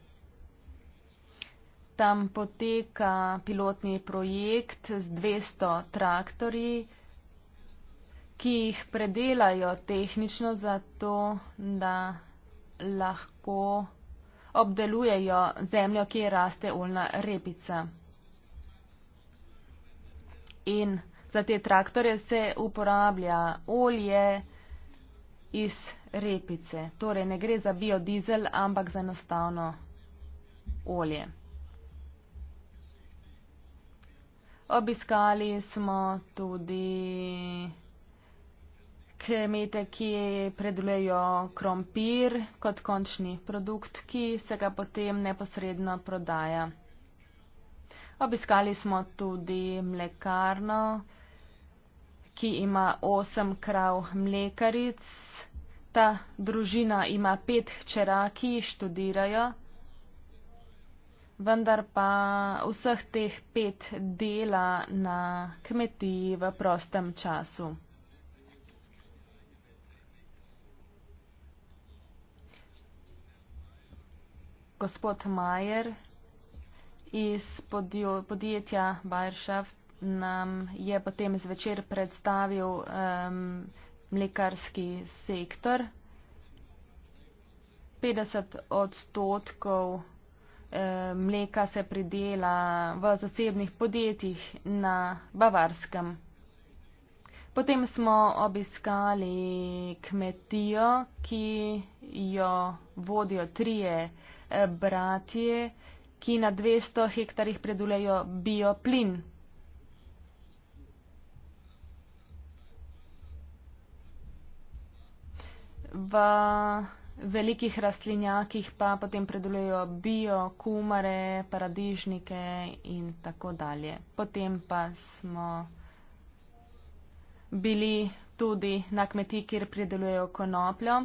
S4: tam poteka pilotni projekt z 200 traktori, ki jih predelajo tehnično zato, da lahko obdelujejo zemljo, kjer raste oljna repica. In za te traktore se uporablja olje iz repice. Torej ne gre za biodizel, ampak za enostavno olje. Obiskali smo tudi kmete, ki predelujejo krompir kot končni produkt, ki se ga potem neposredno prodaja. Obiskali smo tudi mlekarno, ki ima osem krav mlekaric. Ta družina ima pet hčera, ki študirajo vendar pa vseh teh pet dela na kmetiji v prostem času. Gospod Majer iz podjetja Bajršaft nam je potem zvečer predstavil um, mlekarski sektor. 50 odstotkov Eh, mleka se predela v zasebnih podjetjih na Bavarskem. Potem smo obiskali kmetijo, ki jo vodijo trije eh, bratje, ki na 200 hektarjih predulejo bioplin. V velikih rastlinjakih pa potem predelujejo bio, kumare, paradižnike in tako dalje. Potem pa smo bili tudi na kmetiji, kjer predelujejo konopljo.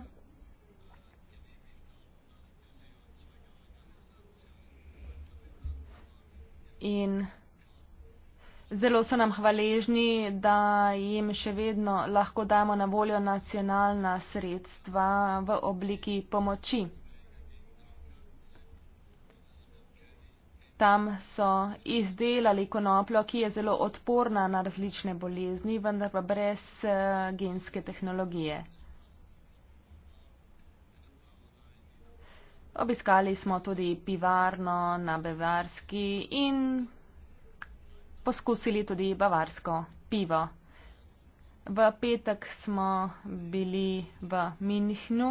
S4: In Zelo so nam hvaležni, da jim še vedno lahko damo na voljo nacionalna sredstva v obliki pomoči. Tam so izdelali konopljo, ki je zelo odporna na različne bolezni, vendar pa brez eh, genske tehnologije. Obiskali smo tudi pivarno na Bevarski in poskusili tudi bavarsko pivo. V petek smo bili v Minhnu,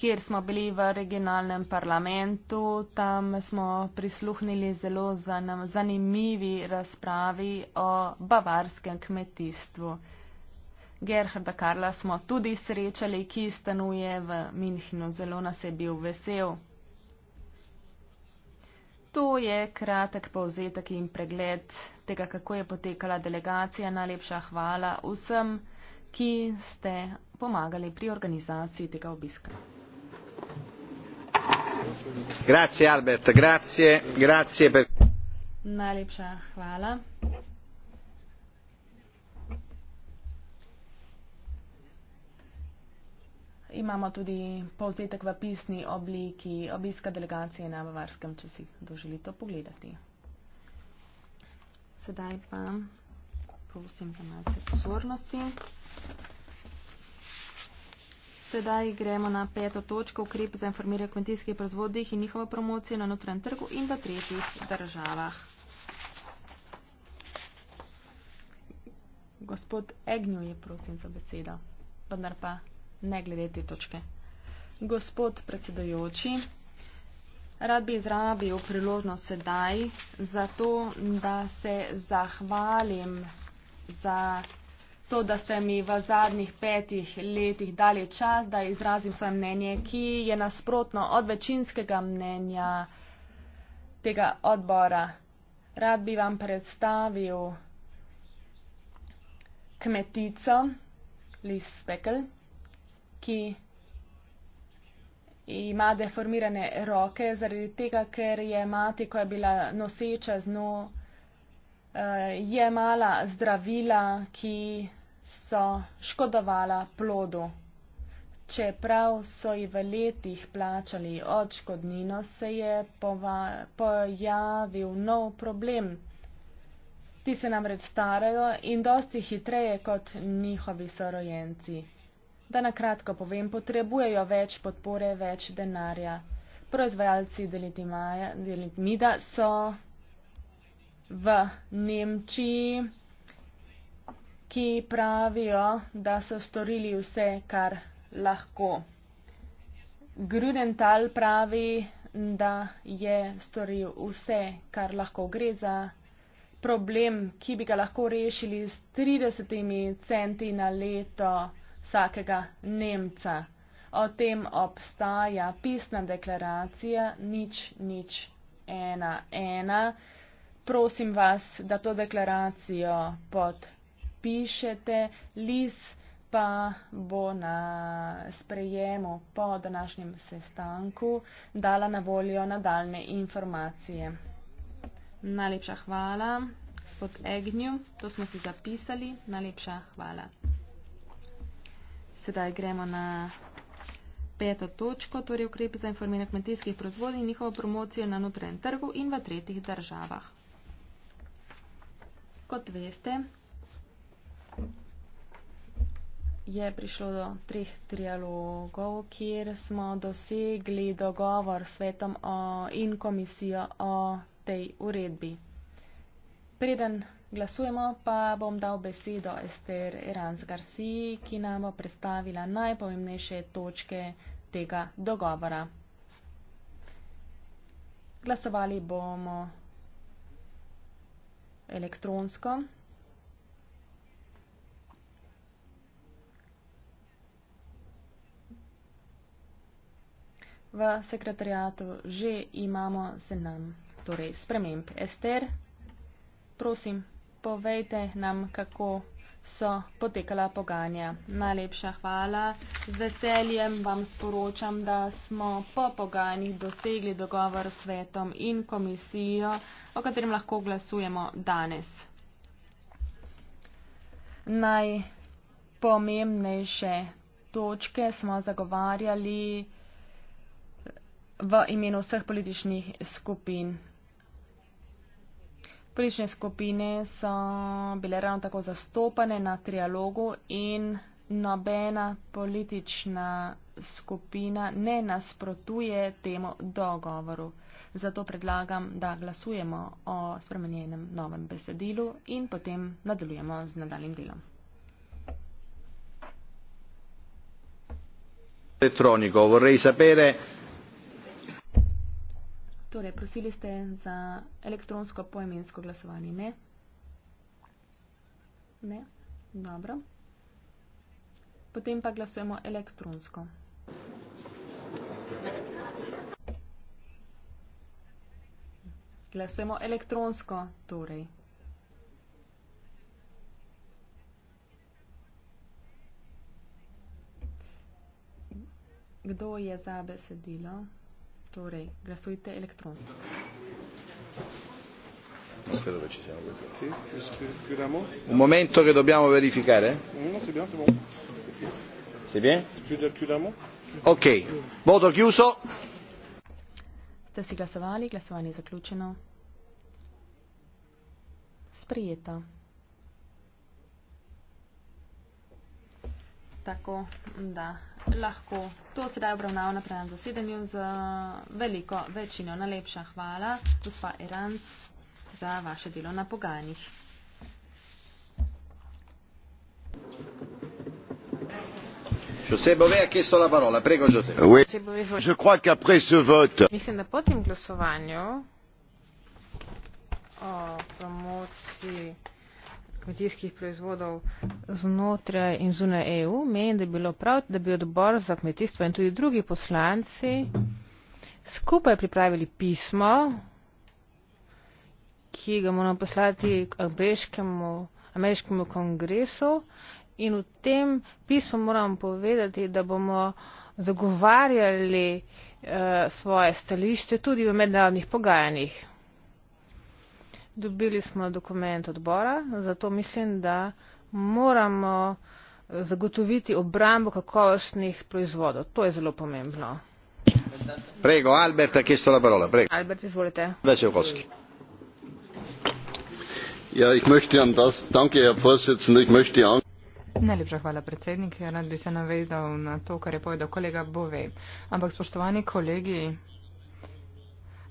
S4: kjer smo bili v regionalnem parlamentu. Tam smo prisluhnili zelo zanimivi razpravi o bavarskem kmetijstvu. Gerharda Karla smo tudi srečali, ki stanuje v Minhnu. Zelo nas je bil vesel. To je kratek povzetek in pregled tega, kako je potekala delegacija. Najlepša hvala vsem, ki ste pomagali pri organizaciji tega obiska.
S2: Grazie, Albert. Grazie. Grazie per...
S4: Najlepša hvala. Imamo tudi povzetek v pisni obliki obiska delegacije na Bavarskem, če si kdo želi to pogledati. Sedaj pa prosim za malce pozornosti. Sedaj gremo na peto točko ukrep za informiranje kmetijskih proizvodih in njihovo promocijo na notranjem trgu in v tretjih državah. Gospod Egnju je prosim za besedo, vendar pa ne glede te točke. Gospod predsedajoči, rad bi izrabil priložnost sedaj za to, da se zahvalim za to, da ste mi v zadnjih petih letih dali čas, da izrazim svoje mnenje, ki je nasprotno od večinskega mnenja tega odbora. Rad bi vam predstavil kmetico Lis Spekel ki ima deformirane roke, zaradi tega, ker je mati, ko je bila noseča z njo, eh, je mala zdravila, ki so škodovala plodu. Čeprav so ji v letih plačali odškodnino, se je pojavil nov problem. Ti se namreč starajo in dosti hitreje kot njihovi sorojenci. Da na kratko povem, potrebujejo več podpore, več denarja. Proizvajalci delitmida so v Nemčiji, ki pravijo, da so storili vse, kar lahko. Grudental pravi, da je storil vse, kar lahko gre za problem, ki bi ga lahko rešili s 30 centi na leto vsakega Nemca. O tem obstaja pisna deklaracija nič nič ena ena. Prosim vas, da to deklaracijo podpišete. Liz pa bo na sprejemu po današnjem sestanku dala na voljo nadaljne informacije. Najlepša hvala, gospod Egnju. To smo si zapisali. Najlepša hvala. Sedaj gremo na peto točko, torej ukrep za informiranje kmetijskih proizvodov in njihovo promocijo na notranjem trgu in v tretjih državah. Kot veste, je prišlo do treh trialogov, kjer smo dosegli dogovor s svetom o, in komisijo o tej uredbi. Preden Glasujemo pa bom dal besedo Ester Erans Garci, ki nam bo predstavila najpomembnejše točke tega dogovora. Glasovali bomo elektronsko. V sekretarijatu že imamo se nam torej sprememb. Ester, prosim povejte nam, kako so potekala pogajanja. Najlepša hvala. Z veseljem vam sporočam, da smo po pogajanjih dosegli dogovor s svetom in komisijo, o katerem lahko glasujemo danes. Najpomembnejše točke smo zagovarjali v imenu vseh političnih skupin. Politične skupine so bile ravno tako zastopane na trialogu in nobena politična skupina ne nasprotuje temu dogovoru. Zato predlagam, da glasujemo o spremenjenem novem besedilu in potem nadaljujemo z nadaljnim delom.
S2: Elektroni govor. Rej sapere,
S4: Torej, prosili ste za elektronsko poimensko glasovanje, ne? Ne? Dobro. Potem pa glasujemo elektronsko. Glasujemo elektronsko, torej. Kdo je za besedilo? Kdo je za besedilo? Torej, glasujte elektronsko.
S2: Un momento che dobbiamo verificare.
S5: No, no,
S2: si bien? Ok, voto chiuso.
S4: Ste si glasovali, glasovanje je zaključeno. Sprijeta. tako da lahko to sedaj obravnavamo na prenem zasedanju z eh, veliko večino. Najlepša hvala, gospa Eranc, za vaše delo na pogajanjih.
S5: Mislim, da po tem glasovanju o promociji kmetijskih proizvodov znotraj in zunaj EU. Menim, da bi bilo prav, da bi odbor za kmetijstvo in tudi drugi poslanci skupaj pripravili pismo, ki ga moramo poslati k ameriškemu, ameriškemu kongresu. In v tem pismu moram povedati, da bomo zagovarjali uh, svoje stališče tudi v mednarodnih pogajanjih. Dobili smo dokument odbora, zato mislim, da moramo eh, zagotoviti obrambo kakovostnih proizvodov. To je zelo pomembno.
S2: Prego, Albert, ki ste la
S3: parola. Prego.
S1: Albert, izvolite.
S3: Večevkovski. Ja, ich möchte an das, danke, Herr Vorsitzender, ich möchte an.
S1: Najlepša hvala, predsednik. Ja, rad bi se navezal na to, kar je povedal kolega Bove. Ampak, spoštovani kolegi,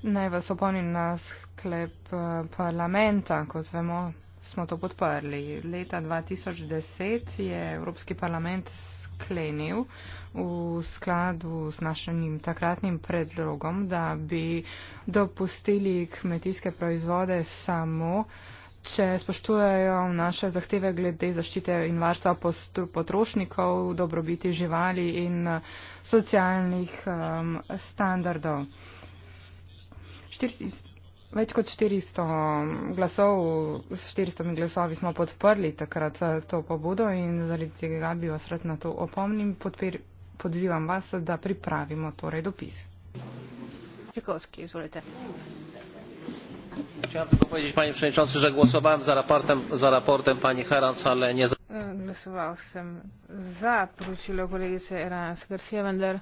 S1: Naj vas opomnim na sklep eh, parlamenta, kot vemo, smo to podprli. Leta 2010 je Evropski parlament sklenil v skladu s našim takratnim predlogom, da bi dopustili kmetijske proizvode samo, če spoštujejo naše zahteve glede zaščite in varstva potrošnikov, dobrobiti živali in eh, socialnih um, standardov. 400, več kot 400 glasov, s 400 glasovi smo podprli takrat eh, to pobudo in zaradi tega bi vas rad na to opomnim. Podpir, podzivam vas, da pripravimo torej dopis.
S5: Čekovski, izvolite. Chciałbym powiedzieć, panie przewodniczący, że głosowałem za raportem, za raportem pani Herans, ale nie za glasoval sem za poročilo kolegice Irana Skarsije, vendar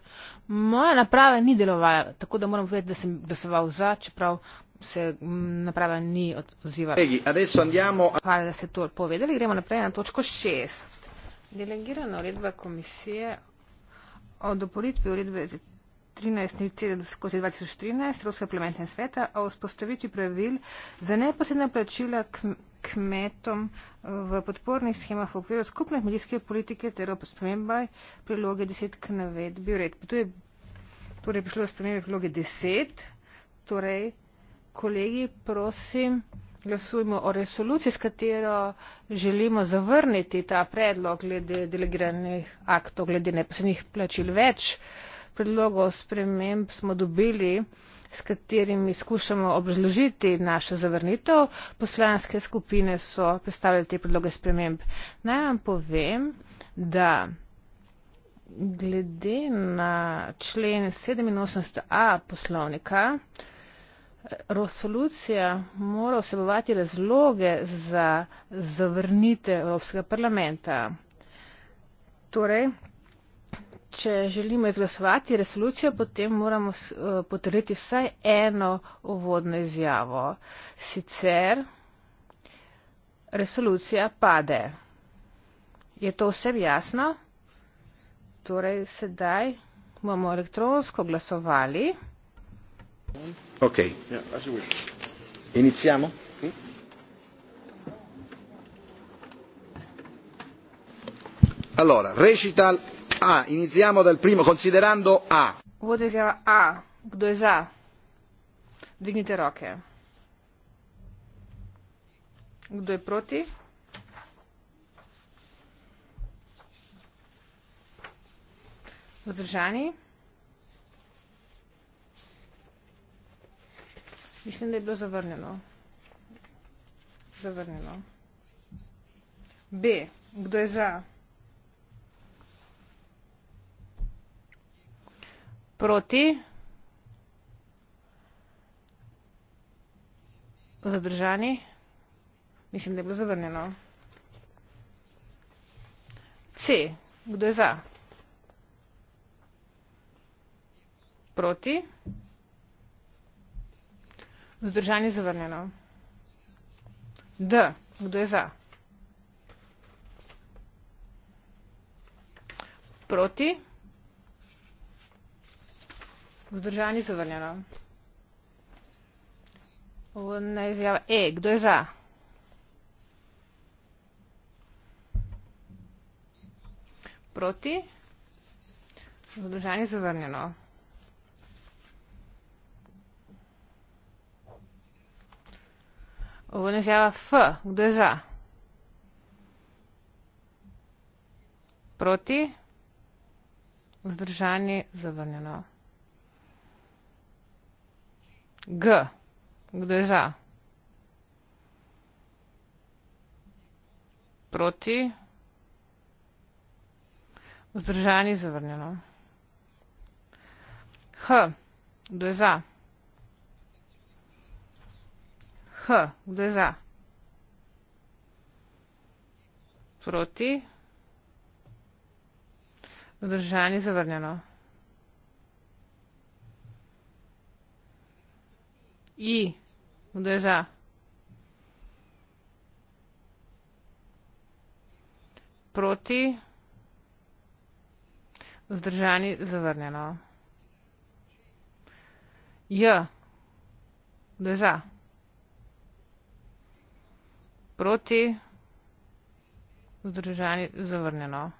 S5: moja naprava ni delovala, tako da moram povedati, da sem glasoval za, čeprav se naprava ni odzivala. Kolegi, adesso andiamo. Hvala, da ste to povedali. Gremo naprej na točko šest. Delegirana uredba komisije o dopolitvi uredbe 13.30.2013 Evropske parlamentne sveta o vzpostavitvi pravil za neposredna plačila kmetov kmetom eh, v podpornih schemah v okviru skupne kmetijske politike ter o spremembah priloge 10 k navedbi ured. Tu je torej prišlo do spremembe priloge 10, torej kolegi, prosim, glasujmo o resoluciji, s katero želimo zavrniti ta predlog glede delegiranih aktov, glede neposrednih plačil. Več predlogov sprememb smo dobili s katerimi skušamo obrazložiti našo zavrnitev. Poslanske skupine so predstavljali te predloge sprememb. Naj vam povem, da glede na člen 87a poslovnika, resolucija mora vsebovati razloge za zavrnitev Evropskega parlamenta. Torej, če želimo izglasovati resolucijo, potem moramo eh, potrditi vsaj eno uvodno izjavo. Sicer resolucija pade. Je to vsem jasno? Torej, sedaj bomo elektronsko glasovali. Ok. Ja, Iniciamo. Hm?
S2: Allora, recital a iniziamo dal primo considerando a
S5: a kdo je za dvignite roke kdo je proti vzdržani mislim da je bilo zavrnjeno zavrnjeno b kdo je za proti zadržani mislim da je bilo zavrnjeno c kdo je za proti zadržani zavrnjeno d kdo je za proti Vzdržani zavrnjeno. Uvodna izjava. E, kdo je za? Proti? Vzdržani zavrnjeno. Uvodna izjava. F, kdo je za? Proti? Vzdržani zavrnjeno. Proti? G. Kdo je za? Proti? Vzdržani zavrnjeno. H. Kdo je za? H. Kdo je za? Proti? Vzdržani zavrnjeno. y de esa proti vzdržani zavrnjeno j de za proti vzdržani zavrnjeno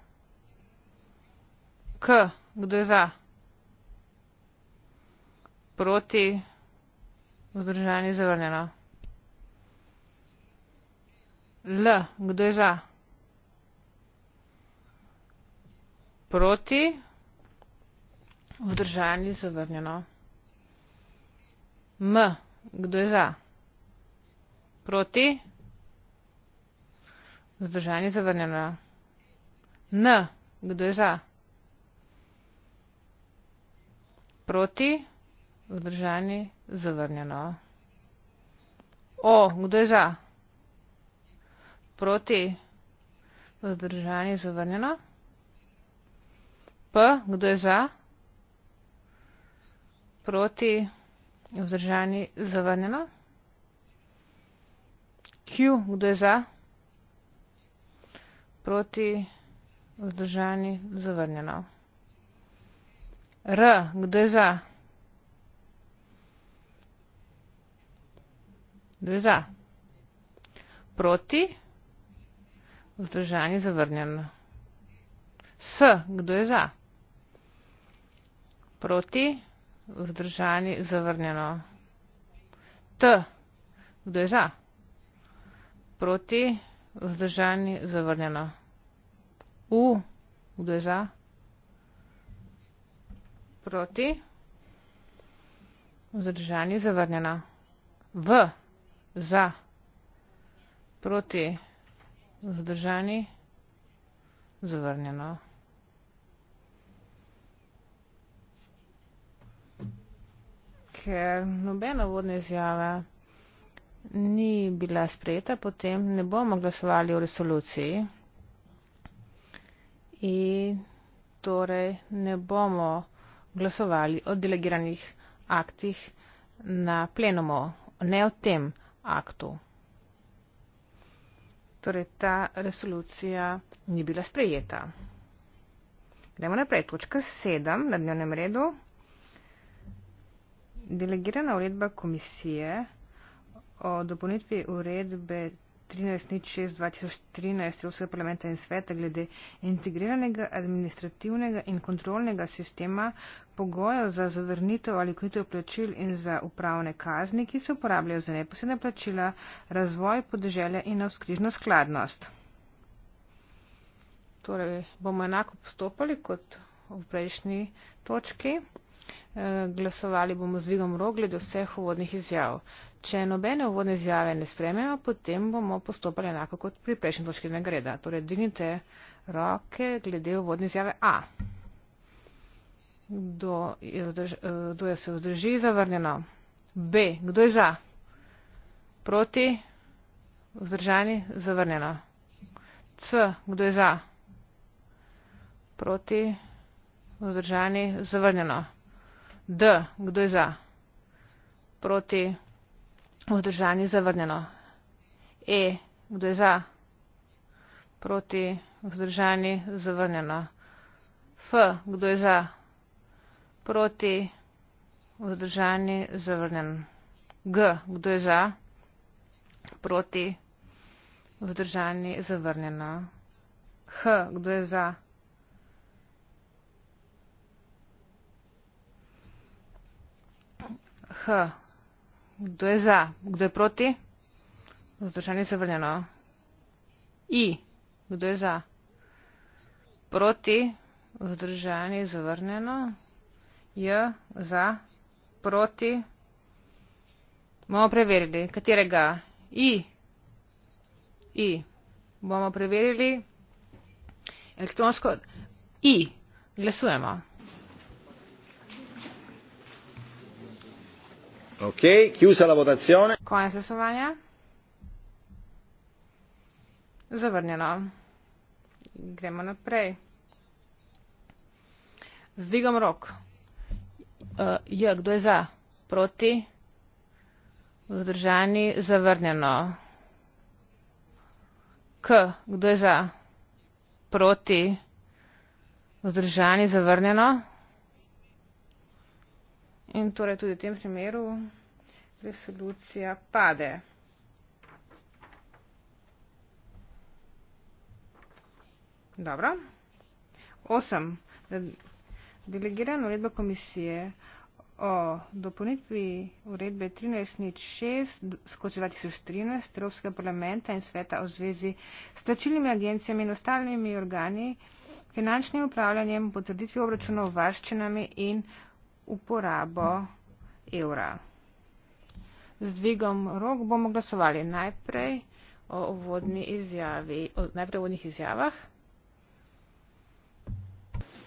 S5: k kdo je za proti Vzdržanje je zavrnjeno. L. Kdo je za? Proti. Vzdržanje je zavrnjeno. M. Kdo je za? Proti. Vzdržanje je zavrnjeno. N. Kdo je za? Proti. Proti. Vzdržani? Zavrnjeno. O, kdo je za? Proti? Vzdržani? Zavrnjeno. P, kdo je za? Proti? Vzdržani? Zavrnjeno. Q, kdo je za? Proti? Vzdržani? Zavrnjeno. R, kdo je za? Proti? 2 za. Proti? Vzdržanje zavrnjeno. S, kdo je za? Proti? Vzdržanje zavrnjeno. T, kdo je za? Proti? Vzdržanje zavrnjeno. U, kdo je za? Proti? Vzdržanje zavrnjeno. V, kdo je za? za proti vzdržani zavrnjeno ker nobena vodna izjava ni bila sprejeta potem ne bomo glasovali o resoluciji in torej ne bomo glasovali o delegiranih aktih na plenumu ne o tem aktov. Torej, ta resolucija ni bila sprejeta. Gremo naprej. Točka 7 na dnevnem redu. Delegirana uredba komisije o dopolnitvi uredbe 13.06.2013 Evropskega parlamenta in sveta glede integriranega administrativnega in kontrolnega sistema pogojev za zavrnitev ali ukinitev plačil in za upravne kazni, ki se uporabljajo za neposredna plačila, razvoj podeželja in navskrižno skladnost. Torej, bomo enako postopali kot v prejšnji točki. Eh, glasovali bomo z dvigom rok glede vseh uvodnih izjav. Če nobene uvodne izjave ne sprejmemo, potem bomo postopali enako kot pri prejšnji točki dnevnega reda. Torej, dvignite roke glede uvodne izjave A. Kdo je, vzdrž, eh, kdo je se vzdrži? Zavrnjeno. B. Kdo je za? Proti? Vzdržani? Zavrnjeno. C. Kdo je za? Proti? Vzdržani? Zavrnjeno. D. Kdo je za? Proti? Vzdržani? Zavrnjeno vzdržani zavrnjeno e kdo je za proti vzdržani zavrnjeno f kdo je za proti vzdržani zavrnjen g kdo je za proti vzdržani zavrnjeno h kdo je za h Kdo je za? Kdo je proti? Zdržanje je zavrnjeno. I. Kdo je za? Proti. Zdržanje je zavrnjeno. J. Za. Proti. Bomo preverili. Katerega? I. I. Bomo preverili elektronsko. I. Glasujemo.
S2: ok chiusa la votazione
S5: Cone Sassovania Zavrnjeno gremo naprej Zdigam rok uh, J, kdo je za? Proti? Vzdržani? Zavrnjeno K, kdo je za? Proti? Vzdržani? Zavrnjeno In torej tudi v tem primeru resolucija pade. Dobro. Osem. Delegirana uredba komisije o dopolnitvi uredbe 13.6 skozi 2013 Evropskega parlamenta in sveta o zvezi s plačilnimi agencijami in ostalimi organi, finančnim upravljanjem, potrditvi obračunov varščinami in uporabo evra. Z dvigom rok bomo glasovali najprej o vodni izjavi, o najprej o vodnih izjavah.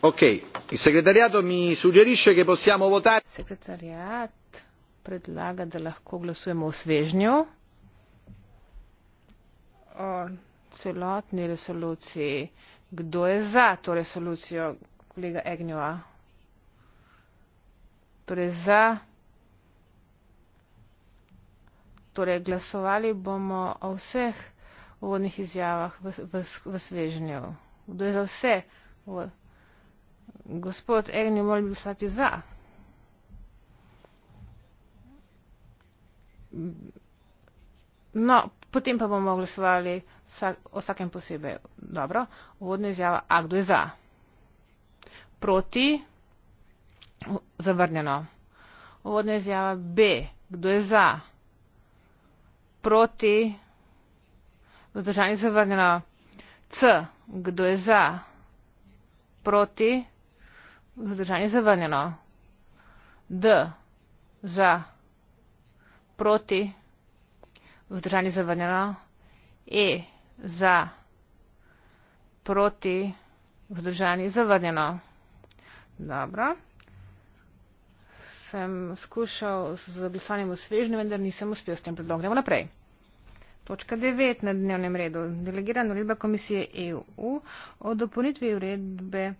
S2: Ok, il segretariato mi suggerisce che possiamo votare.
S5: Segretariat predlaga, da lahko glasujemo o svežnju, o celotni resoluciji. Kdo je za to resolucijo, kolega Egnjova? torej za. Torej, glasovali bomo o vseh uvodnih izjavah v, v, v svežnju. Kdo je za vse? V, gospod Egni, moral bi glasovati za. No, potem pa bomo glasovali vsak, o vsakem posebej. Dobro, uvodna izjava, a kdo je za? Proti zavrnjeno. Uvodna izjava B. Kdo je za? Proti? Zdržanje zavrnjeno. C. Kdo je za? Proti? Zdržanje zavrnjeno. D. Za? Proti? Zdržanje zavrnjeno. E. Za? Proti? Zdržanje zavrnjeno. Dobro sem skušal z glasovanjem v svežnju, vendar nisem uspel s tem predlogom. Gremo naprej. Točka 9 na dnevnem redu. Delegirana uredba komisije EU o dopolnitvi uredbe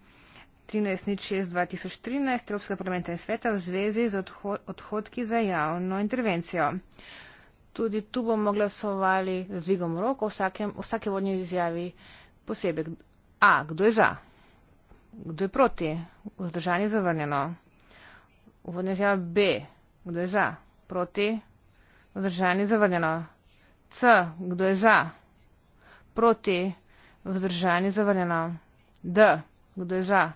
S5: 13.6.2013 Evropskega parlamenta in sveta v zvezi z odhodki za javno intervencijo. Tudi tu bomo glasovali z dvigom rok o vsake vodnje izjavi posebej. A, kdo je za? Kdo je proti? Vzdržanje zavrnjeno. Uvodna izjava B. Kdo je za? Proti? Vzdržanje zavrnjeno. C. Kdo je za? Proti? Vzdržanje zavrnjeno. D. Kdo je za?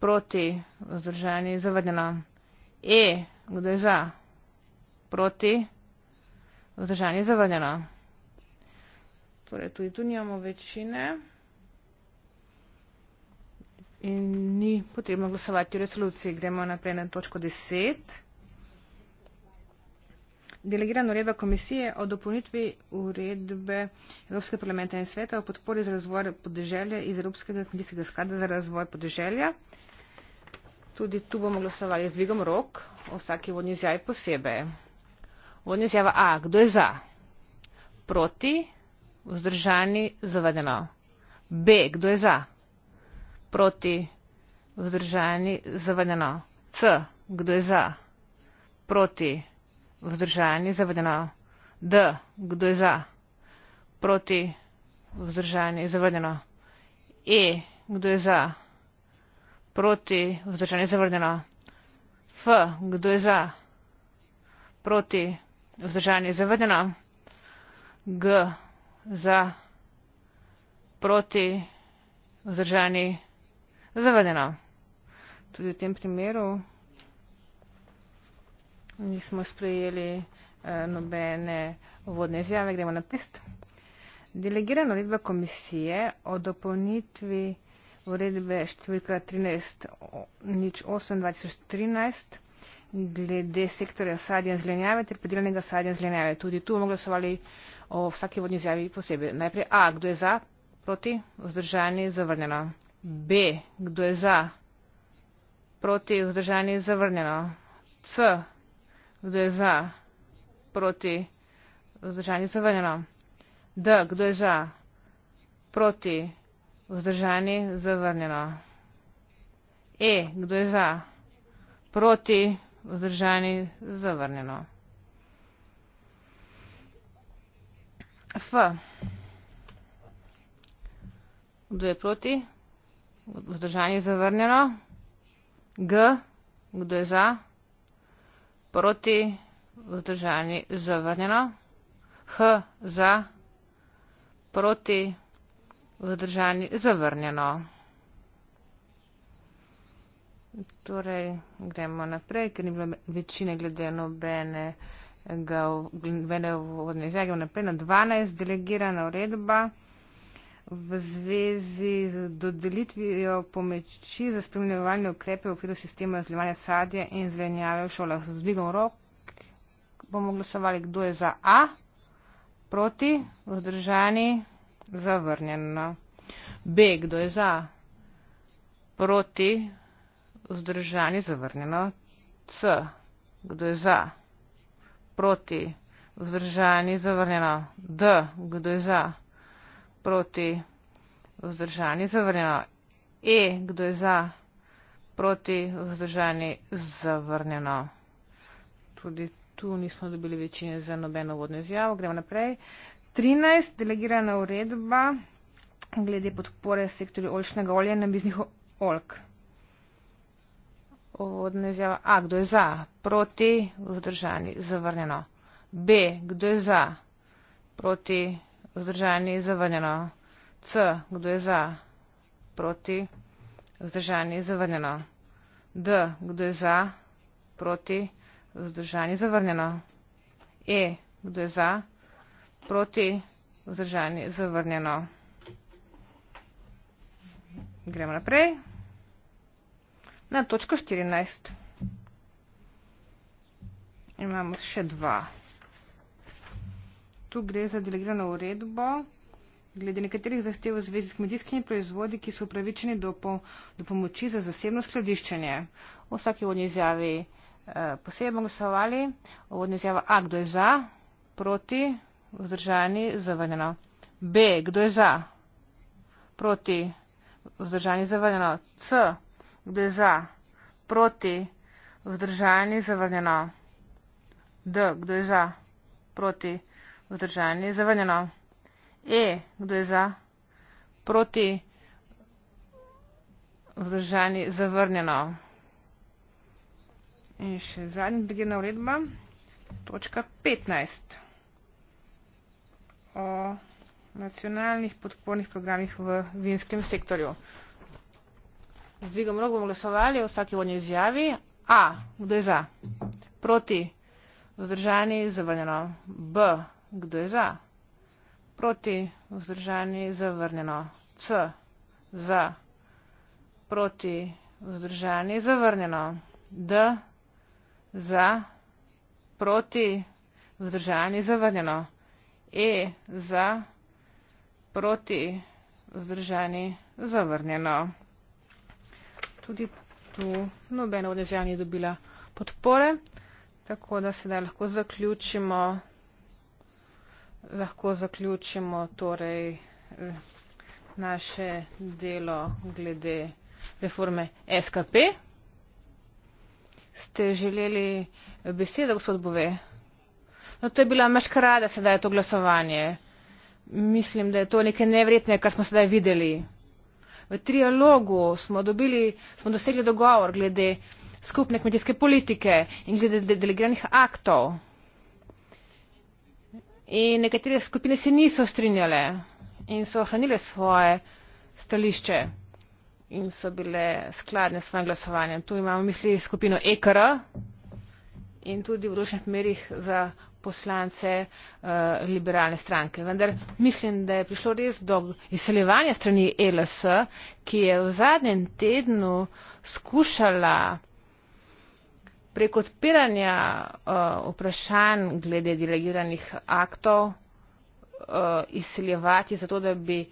S5: Proti? Vzdržanje zavrnjeno. E. Kdo je za? Proti? Vzdržanje zavrnjeno. Torej, tudi tu nimamo večine in ni potrebno glasovati o resoluciji. Gremo naprej na točko 10. Delegirana uredba komisije o dopolnitvi uredbe Evropskega parlamenta in sveta o podpori za razvoj podeželja iz Evropskega kmetijskega sklada za razvoj podeželja. Tudi tu bomo glasovali z dvigom rok o vsaki vodni izjavi posebej. Vodni izjava A. Kdo je za? Proti? Vzdržani? Zavedeno. B. Kdo je za? proti, vzdržani, zavedeno. C, kdo je za, proti, vzdržani, zavedeno. D, kdo je za, proti, vzdržani, zavedeno. E, kdo je za, proti, vzdržani, zavedeno. F, kdo je za, proti, vzdržani, zavedeno. G, za, proti, vzdržani, zavedeno. Zavrnjeno. Tudi v tem primeru nismo sprejeli eh, nobene vodne izjave. Gremo na pist. Delegirana uredba komisije o dopolnitvi uredbe številka 13.08.2013 glede sektorja sadja in zelenjave ter predelanega sadja in zelenjave. Tudi tu bomo glasovali o vsaki vodni izjavi posebej. Najprej A. Kdo je za? Proti? Vzdržani? Zavrnjeno. B. Kdo je za? Proti vzdržanje je zavrnjeno. C. Kdo je za? Proti vzdržanje je zavrnjeno. D. Kdo je za? Proti vzdržanje je zavrnjeno. E. Kdo je za? Proti vzdržanje je zavrnjeno. F. Kdo je proti? vzdržan je zavrnjeno. G, kdo je za? Proti, vzdržan je zavrnjeno. H, za? Proti, vzdržan je zavrnjeno. Torej, gremo naprej, ker ni bilo večine glede nobene ga v vodne izjage. Naprej na 12 delegirana uredba v zvezi z dodelitvijo pomoči za spremljevalne ukrepe v okviru sistema zlivanja sadja in zelenjave v šolah. Z dvigom rok bomo glasovali, kdo je za A, proti, vzdržani, zavrnjeno. B, kdo je za, proti, vzdržani, zavrnjeno. C, kdo je za, proti, vzdržani, zavrnjeno. D, kdo je za, proti, vzdržani, zavrnjeno proti, vzdržani, zavrnjeno. E, kdo je za, proti, vzdržani, zavrnjeno. Tudi tu nismo dobili večine za nobeno vodno izjavo. Gremo naprej. 13. Delegirana uredba glede podpore sektorju olčnega olja na biznih olk. Vodna izjava A. Kdo je za, proti, vzdržani, zavrnjeno. B. Kdo je za, proti, vzdržani vzdržani je zavrnjeno c kdo je za proti vzdržani je zavrnjeno d kdo je za proti vzdržani je zavrnjeno e kdo je za proti vzdržani je zavrnjeno gremo naprej na točko 14 imamo še dva Tu gre za delegirano uredbo glede nekaterih zahtev v zvezi s kmetijskimi proizvodi, ki so upravičeni do, po, do pomoči za zasebno skladiščenje. V vsaki vodni izjavi eh, posebej bomo glasovali. Vodna izjava A, kdo je za, proti, vzdržani, zavrnjeno. B, kdo je za, proti, vzdržani, zavrnjeno. C, kdo je za, proti, vzdržani, zavrnjeno. D, kdo je za, proti, vzdržani, zavrnjeno. Vzdržanje je zavrnjeno. E, kdo je za? Proti. Vzdržanje je zavrnjeno. In še zadnja delegirana uredba, točka 15. O nacionalnih podpornih programih v vinskem sektorju. Z dvigom rok bomo glasovali o vsaki vodni izjavi. A, kdo je za? Proti. Vzdržanje je zavrnjeno. B, Kdo je za? Proti, vzdržani, zavrnjeno. C. Za. Proti, vzdržani, zavrnjeno. D. Za. Proti, vzdržani, zavrnjeno. E. Za. Proti, vzdržani, zavrnjeno. Tudi tu nobena od izjav ni dobila podpore, tako da sedaj lahko zaključimo lahko zaključimo torej eh, naše delo glede reforme SKP. Ste želeli besedo, gospod Bove? No, to je bila maškarada sedaj to glasovanje. Mislim, da je to nekaj nevretnega, kar smo sedaj videli. V trialogu smo, dobili, smo dosegli dogovor glede skupne kmetijske politike in glede delegiranih aktov in nekatere skupine se niso strinjale in so ohranile svoje stališče in so bile skladne s svojim glasovanjem. Tu imamo v misli skupino EKR in tudi v določenih primerih za poslance uh, liberalne stranke. Vendar mislim, da je prišlo res do izseljevanja strani e LS, ki je v zadnjem tednu skušala prek odpiranja uh, eh, vprašanj glede delegiranih aktov uh, izsiljevati, zato da bi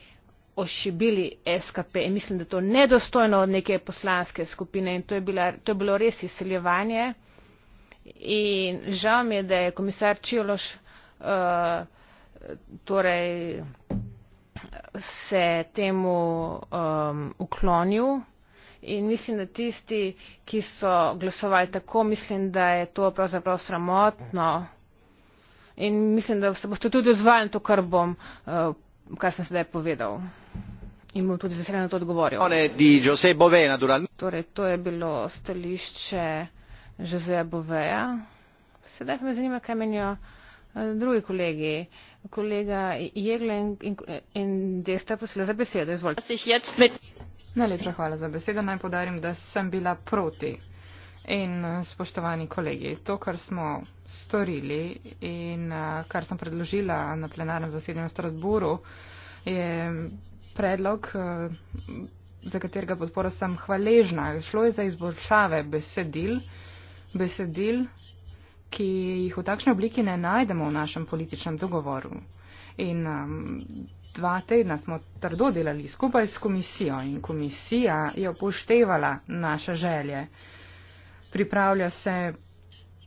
S5: ošibili SKP. In mislim, da to je nedostojno od neke poslanske skupine in to je, bila, to je bilo res izsiljevanje. In žal mi je, da je komisar Čiloš uh, eh, torej se temu um, uklonil. In mislim, da tisti, ki so glasovali tako, mislim, da je to pravzaprav sramotno. In mislim, da se boste tudi ozvali na to, kar bom, uh, kar sem sedaj povedal. In bom tudi zaseden na to odgovoril. Torej, to je bilo stališče Joseja Boveja. Sedaj pa me zanima, kaj menijo uh, drugi kolegi. Kolega Jegle in, in,
S1: in Desta, prosila za besedo. Izvolite. Najlepša hvala za besedo. Naj podarim, da sem bila proti. In spoštovani kolegi, to, kar smo storili in kar sem predložila na plenarnem zasedanju v Strasburu, je predlog, za katerega podporo sem hvaležna. Šlo je za izboljšave besedil, besedil, ki jih v takšni obliki ne najdemo v našem političnem dogovoru. In, um, dva tedna smo trdo delali skupaj s komisijo in komisija je upoštevala naše želje. Pripravlja se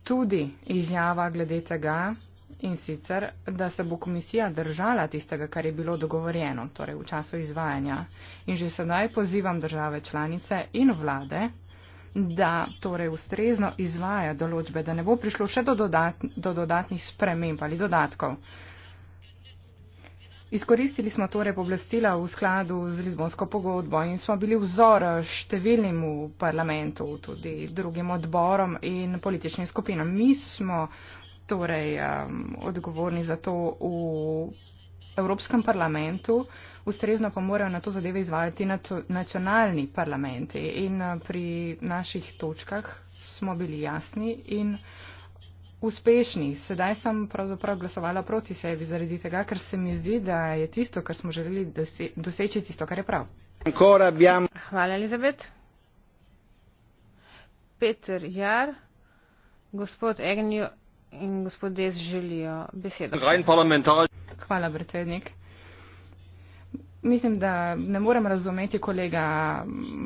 S1: tudi izjava glede tega in sicer, da se bo komisija držala tistega, kar je bilo dogovorjeno, torej v času izvajanja. In že sedaj pozivam države članice in vlade, da torej ustrezno izvaja določbe, da ne bo prišlo še do, dodat, do dodatnih sprememb ali dodatkov. Izkoristili smo torej poblastila v skladu z Lizbonsko pogodbo in smo bili vzor številnim v parlamentu, tudi drugim odborom in političnim skupinam. Mi smo torej um, odgovorni za to v Evropskem parlamentu, ustrezno pa morajo na to zadeve izvajati nacionalni parlamenti in uh, pri naših točkah smo bili jasni in uspešni. Sedaj sem pravzaprav glasovala proti sebi zaradi tega, ker se mi zdi, da je tisto, kar smo želeli doseči, tisto, kar je prav. Hvala, Elizabet.
S5: Peter Jar, gospod Egnjo
S1: in gospod Des želijo besedo. Hvala, predsednik mislim, da ne morem razumeti kolega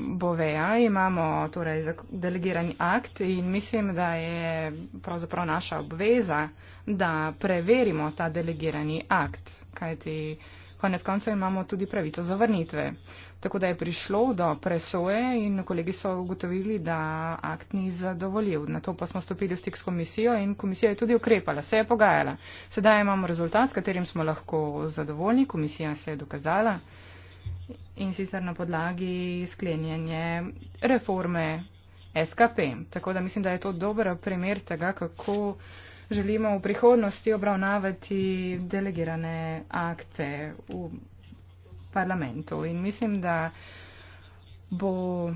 S1: Boveja. Imamo torej delegirani akt in mislim, da je pravzaprav naša obveza, da preverimo ta delegirani akt. Kajti, uh, konec koncev imamo tudi pravico zavrnitve. Tako da je prišlo do presoje in kolegi so ugotovili, da akt ni zadovoljiv. Na to pa smo stopili v stik s komisijo in komisija je tudi ukrepala, se je pogajala. Sedaj imamo rezultat, s katerim smo lahko zadovoljni, komisija se je dokazala in sicer na podlagi sklenjenje reforme SKP. Tako da mislim, da je to dober primer tega, kako želimo v prihodnosti obravnavati delegirane akte v parlamentu. In mislim, da bo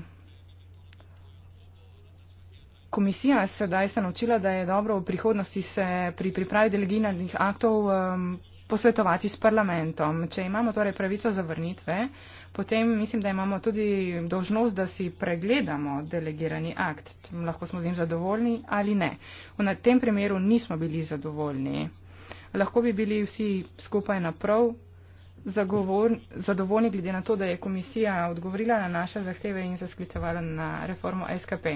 S1: komisija sedaj se naučila, da je dobro v prihodnosti se pri pripravi delegiranih aktov um, posvetovati s parlamentom. Če imamo torej pravico zavrnitve, potem mislim, da imamo tudi dožnost, da si pregledamo delegirani akt. Lahko smo z njim zadovoljni ali ne. V tem primeru nismo bili zadovoljni. Lahko bi bili vsi skupaj naprav zadovoljni glede na to, da je komisija odgovorila na naše zahteve in se sklicevala na reformo SKP.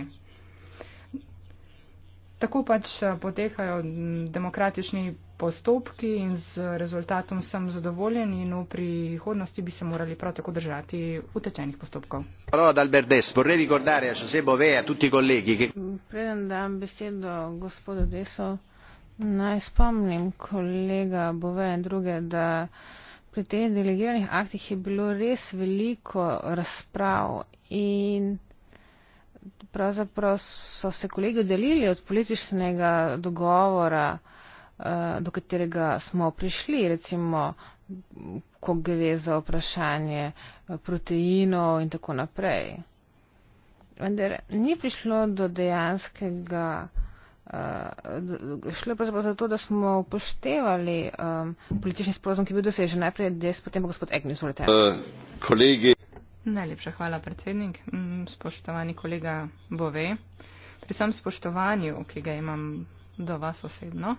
S1: Tako pač eh, potekajo mm, demokratični postopki in z rezultatom sem zadovoljen in v prihodnosti bi se morali prav tako držati utečenih postopkov.
S2: E mm,
S5: preden dam besedo gospodu Deso, naj spomnim kolega Bove in druge, da pri teh delegiranih aktih je bilo res veliko razprav in pravzaprav so se kolegi delili od političnega dogovora, eh, do katerega smo prišli, recimo, ko gre za vprašanje eh, proteinov in tako naprej. Vendar ni prišlo do dejanskega, eh, šlo je pravzaprav za to, da smo upoštevali um, politični sporozum, ki je bil dosežen najprej, des, potem pa
S1: gospod Egni, izvolite. Uh, kolegi. Najlepša hvala, predsednik. Mm, spoštovani kolega Bove, pri vsem spoštovanju, ki ga imam do vas osebno,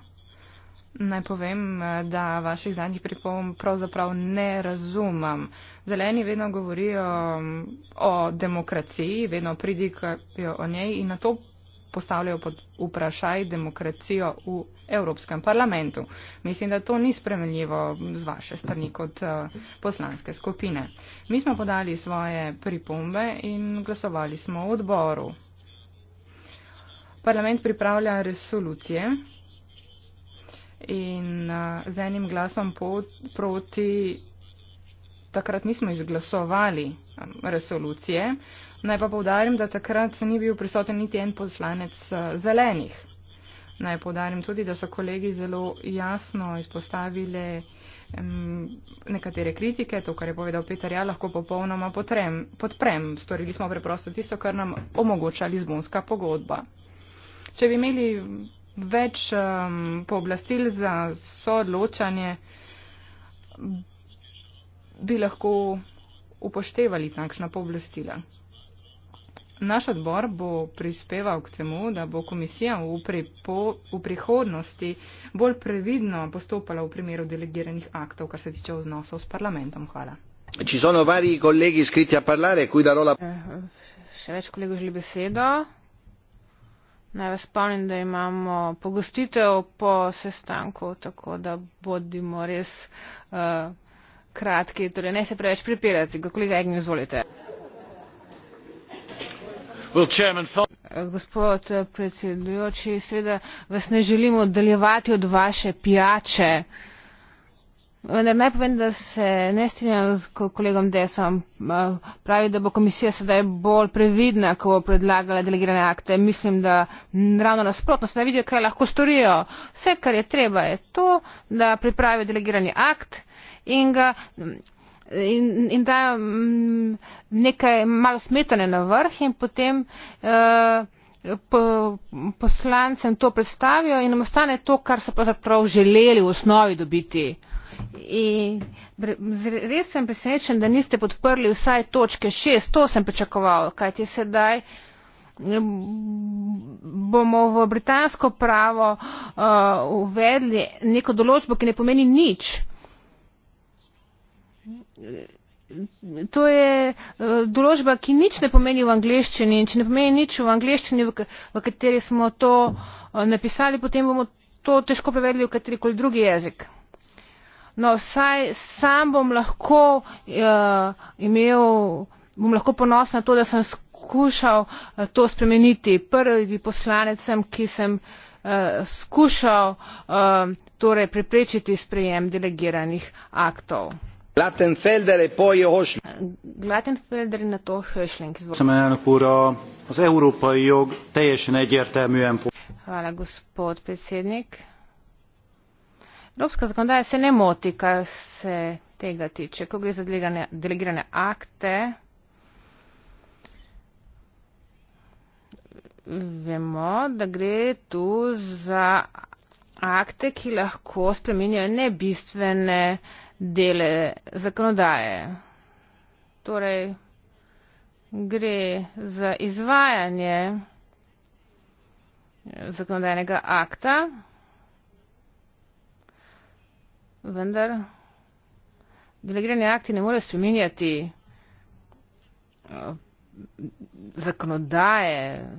S1: naj povem, da vaših zadnjih pripomb pravzaprav ne razumem. Zeleni vedno govorijo mm, o demokraciji, vedno pridikajo o njej in na to postavljajo pod vprašaj demokracijo v Evropskem parlamentu. Mislim, da to ni spremenljivo z vaše strani kot eh, poslanske skupine. Mi smo podali svoje pripombe in glasovali smo v odboru. Parlament pripravlja resolucije in eh, z enim glasom proti. Takrat nismo izglasovali eh, resolucije, Naj pa povdarim, da takrat se ni bil prisoten niti en poslanec eh, zelenih. Naj povdarim tudi, da so kolegi zelo jasno izpostavili um, nekatere kritike, to, kar je povedal Peter, ja, lahko popolnoma potrem, podprem. Storili smo preprosto tisto, kar nam omogoča Lizbonska pogodba. Če bi imeli več um, pooblastil za soodločanje, bi lahko upoštevali takšna pooblastila. Naš odbor bo prispeval k temu, da bo komisija v, pripo, v prihodnosti bolj previdno postopala v primeru delegiranih aktov, kar se tiče vznosov s parlamentom. Hvala.
S2: Parlare, la... Eh,
S1: še več kolegov
S5: želi besedo. Naj vas spomnim, da imamo pogostitev po sestanku, tako da bodimo res uh, kratki, torej ne se preveč pripirati. Kolega Egni, izvolite. Eh, gospod eh, predsedujoči seveda vas ne želim oddaljevati od vaše pijače vendar naj povem da se ne strinjam s kolegom dessom eh, pravi da bo komisija sedaj bolj previdna ko bo predlagala delegirane akte mislim da ravno nasprotno sedaj vidijo kaj lahko storijo vse kar je treba je to da pripravijo delegirani akt in ga in, in da mm, nekaj malo smetane na vrh in potem eh, po, poslancem to predstavijo in nam ostane to, kar so pravzaprav želeli v osnovi dobiti. In res sem presenečen, da niste podprli vsaj točke šest, to sem pričakoval, kajti sedaj mm, bomo v britansko pravo uh, uvedli neko določbo, ki ne pomeni nič. To je eh, določba, ki nič ne pomeni v angleščini in če ne pomeni nič v angleščini, v kateri smo to eh, napisali, potem bomo to težko prevedli v katerikoli drugi jezik. No, vsaj sam bom lahko uh, imel, bom lahko ponosen na to, da sem skušal to spremeniti. Prvi poslanec sem, ki sem uh, skušal uh, torej preprečiti sprejem delegiranih aktov.
S2: E e e az európai jog teljesen egyértelműen.
S5: gospod predsednik evropska zakonodaja se ne moti kar se tega tiče ko gre za delegirane akte vemo da gre tu za akte ki lahko spreminjajo ne bistvene dele zakonodaje. Torej, gre za izvajanje zakonodajnega akta, vendar delegirani akti ne morejo spreminjati eh, zakonodaje.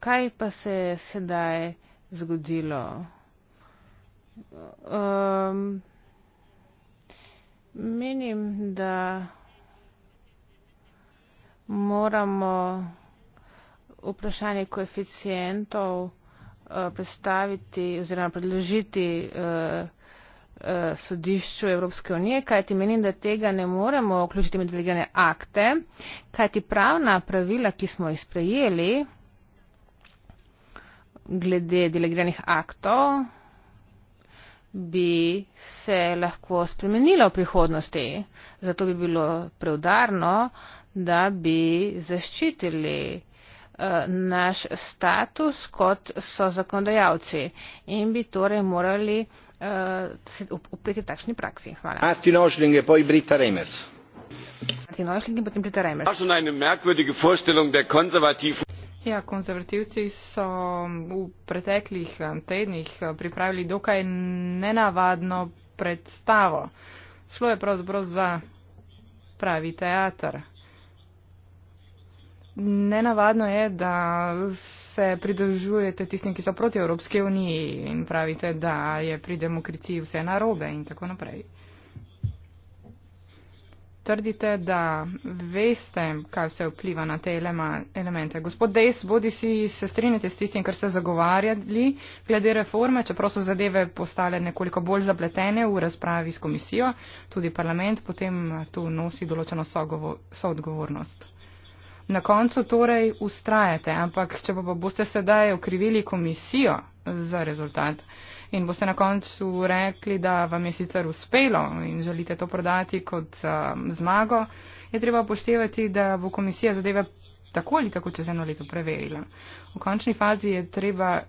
S5: Kaj pa se je sedaj zgodilo? Um, Menim, da moramo vprašanje koeficijentov eh, predstaviti oziroma predložiti eh, eh, sodišču Evropske unije, kajti menim, da tega ne moremo vključiti med delegirane akte, kajti pravna pravila, ki smo jih sprejeli glede delegiranih aktov, bi se lahko spremenilo v prihodnosti. Zato bi bilo preudarno, da bi zaščitili eh, naš status kot so zakonodajalci in bi torej morali uh, se upreti takšni praksi. Hvala.
S3: Martin Ošling
S2: je poj Brita
S3: Remers.
S1: Martin Ošling je potem Brita Remers. Ja, konzervativci so v preteklih eh, tednih eh, pripravili dokaj nenavadno predstavo. Šlo je pravzaprav za pravi teater. Nenavadno je, da se pridržujete tistim, ki so proti Evropske uniji in pravite, da je pri demokraciji vse narobe in tako naprej trdite, da veste, kaj vse vpliva na te elemente. Gospod Dejs, bodi si se strinjate s tistim, kar ste zagovarjali glede reforme, čeprav so zadeve postale nekoliko bolj zapletene v razpravi s komisijo, tudi parlament potem tu nosi določeno soodgovornost. Na koncu torej ustrajate, ampak če pa boste sedaj okrivili komisijo za rezultat, in boste na koncu rekli, da vam je sicer uspelo in želite to prodati kot um, zmago, je treba upoštevati, da bo komisija zadeve tako ali tako čez eno leto preverila. V končni fazi je treba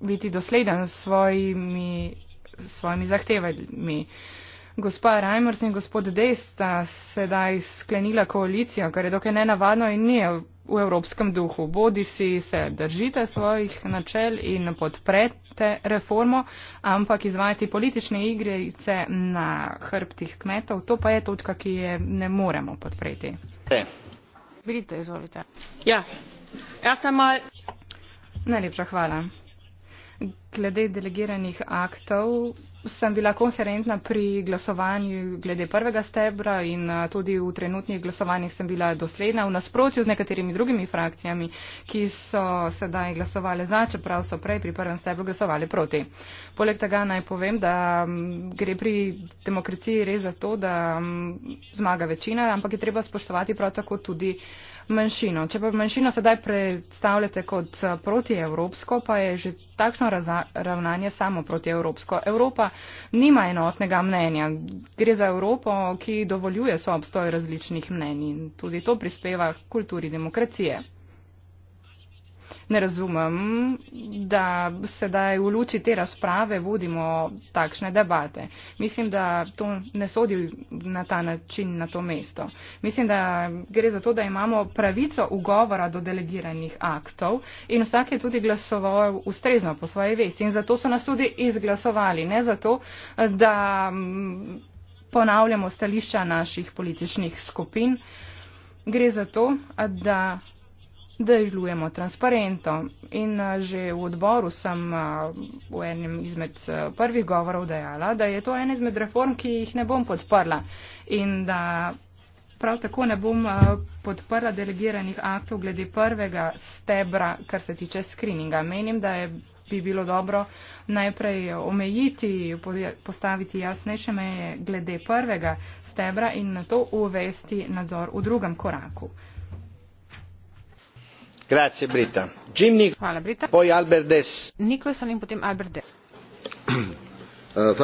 S1: biti dosleden s svojimi, svojimi zahtevami. Gospa Reimers in gospod Dejsta sedaj sklenila koalicijo, kar je dokaj nenavadno in ni v evropskem duhu. Bodi si se držite svojih načel in podprete reformo, ampak izvajati politične igrice na hrbtih kmetov, to pa je točka, ki je ne moremo podpreti. Vidite,
S5: izvolite. Ja,
S1: jaz sem mal. Najlepša hvala. Glede delegiranih aktov sem bila konferentna pri glasovanju glede prvega stebra in tudi v trenutnih glasovanjih sem bila dosledna v nasprotju z nekaterimi drugimi frakcijami, ki so sedaj glasovali za, čeprav so prej pri prvem stebru glasovali proti. Poleg tega naj povem, da gre pri demokraciji res za to, da zmaga večina, ampak je treba spoštovati prav tako tudi uh, manjšino. Če pa manjšino sedaj predstavljate kot eh, protievropsko, pa je že takšno ravnanje samo protievropsko. Evropa nima enotnega mnenja. Gre za Evropo, ki dovoljuje soobstoj različnih mnenj in tudi to prispeva kulturi demokracije. Ne razumem, da sedaj v luči te razprave vodimo takšne debate. Mislim, da to ne sodi na ta način na to mesto. Mislim, da gre za to, da imamo pravico ugovora do delegiranih aktov in vsak je tudi glasoval ustrezno po svoje vesti in zato so nas tudi izglasovali. Ne zato, da mm, ponavljamo stališča naših političnih skupin. Gre za to, da delujemo transparentno. In eh, že v odboru sem eh, v enem izmed eh, prvih govorov dejala, da je to ena izmed reform, ki jih ne bom podprla in da prav tako ne bom podprla delegiranih aktov glede prvega stebra, kar se tiče skrininga. Menim, da je bi bilo dobro najprej omejiti, postaviti jasnejše meje glede prvega stebra in na to uvesti nadzor v drugem koraku.
S3: Uh,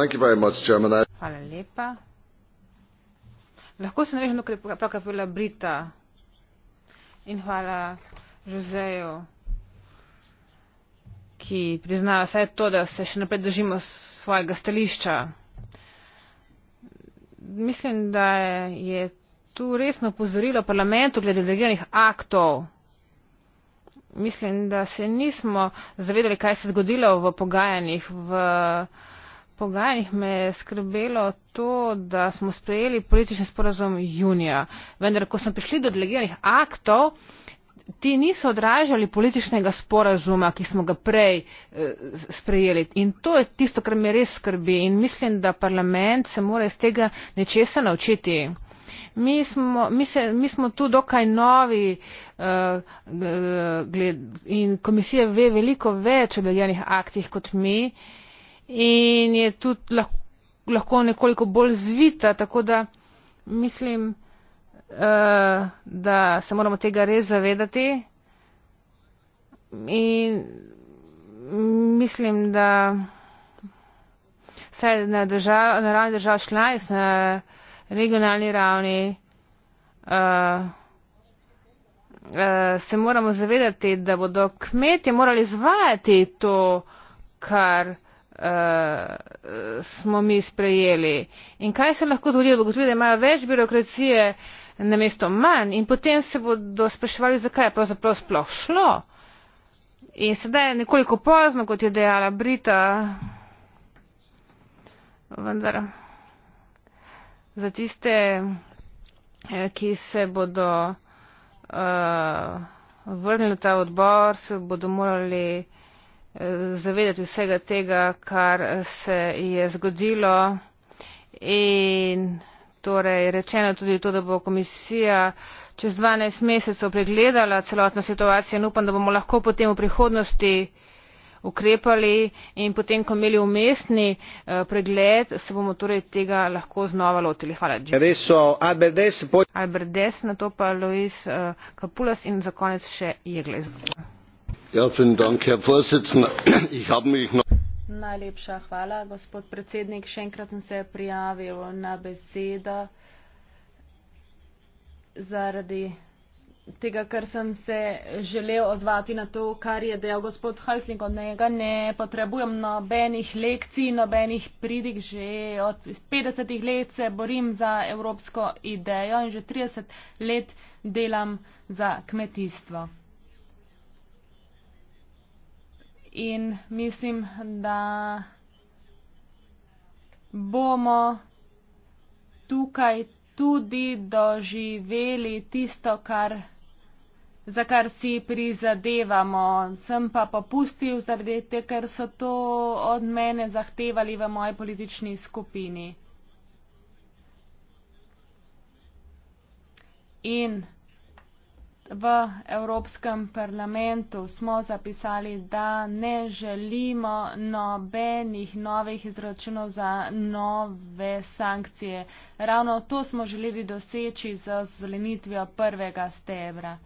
S5: lahko se navežem na to kar je povedala britta in hvala joseju ki prizna vsaj to da se še naprej držimo svojega stališča mislim da je tu resno opozorilo parlamentu glede delegiranih aktov mislim, da se nismo zavedali, kaj se je zgodilo v pogajanjih. V pogajanjih me je skrbelo to, da smo sprejeli politični sporazum junija. Vendar, ko smo prišli do delegiranih aktov, ti niso odražali političnega sporazuma, ki smo ga prej eh, sprejeli. In to je tisto, kar me res skrbi. In mislim, da parlament se mora iz tega nečesa naučiti mi smo, mi se, mi smo tu dokaj novi uh, gled, in komisija ve veliko več o deljenih aktih kot mi in je tudi lahko, lahko nekoliko bolj zvita, tako da mislim, uh, da se moramo tega res zavedati. In mislim, da vse na, držav, na ravni držav članic, na, regionalni ravni. Uh, uh, se moramo zavedati, da bodo kmetje morali izvajati to, kar uh, smo mi sprejeli. In kaj se lahko zgodi, da bodo tudi, da imajo več birokracije na mesto manj in potem se bodo spraševali, zakaj je pravzaprav sploh šlo. In sedaj je nekoliko pozno, kot je dejala Brita. Vendar za tiste, eh, ki se bodo uh, vrnili v ta odbor, se bodo morali uh, zavedati vsega tega, kar se je zgodilo. In torej rečeno tudi to, da bo komisija čez 12 mesecev pregledala celotno situacijo in upam, da bomo lahko potem v prihodnosti uh, ukrepali in potem, ko imeli umestni eh, pregled, se bomo torej tega lahko znova lotili. Hvala, Džim. Albert Des, na to pa Lois eh, Kapulas in za konec še Jegle.
S3: Ja,
S4: Najlepša hvala, gospod predsednik. Še enkrat sem se prijavil na besedo zaradi tega, ker sem se želel ozvati na to, kar je dejal gospod Halsling od njega. Ne potrebujem nobenih lekcij, nobenih pridig. Že od 50 let se borim za evropsko idejo in že 30 let delam za kmetijstvo. In mislim, da bomo tukaj tudi doživeli tisto, kar za kar si prizadevamo. Sem pa popustil zaradi tega, ker so to od mene zahtevali v moji politični skupini. In v Evropskem parlamentu smo zapisali, da ne želimo nobenih novih izračunov za nove sankcije. Ravno to smo želeli doseči z zelenitvijo prvega stebra.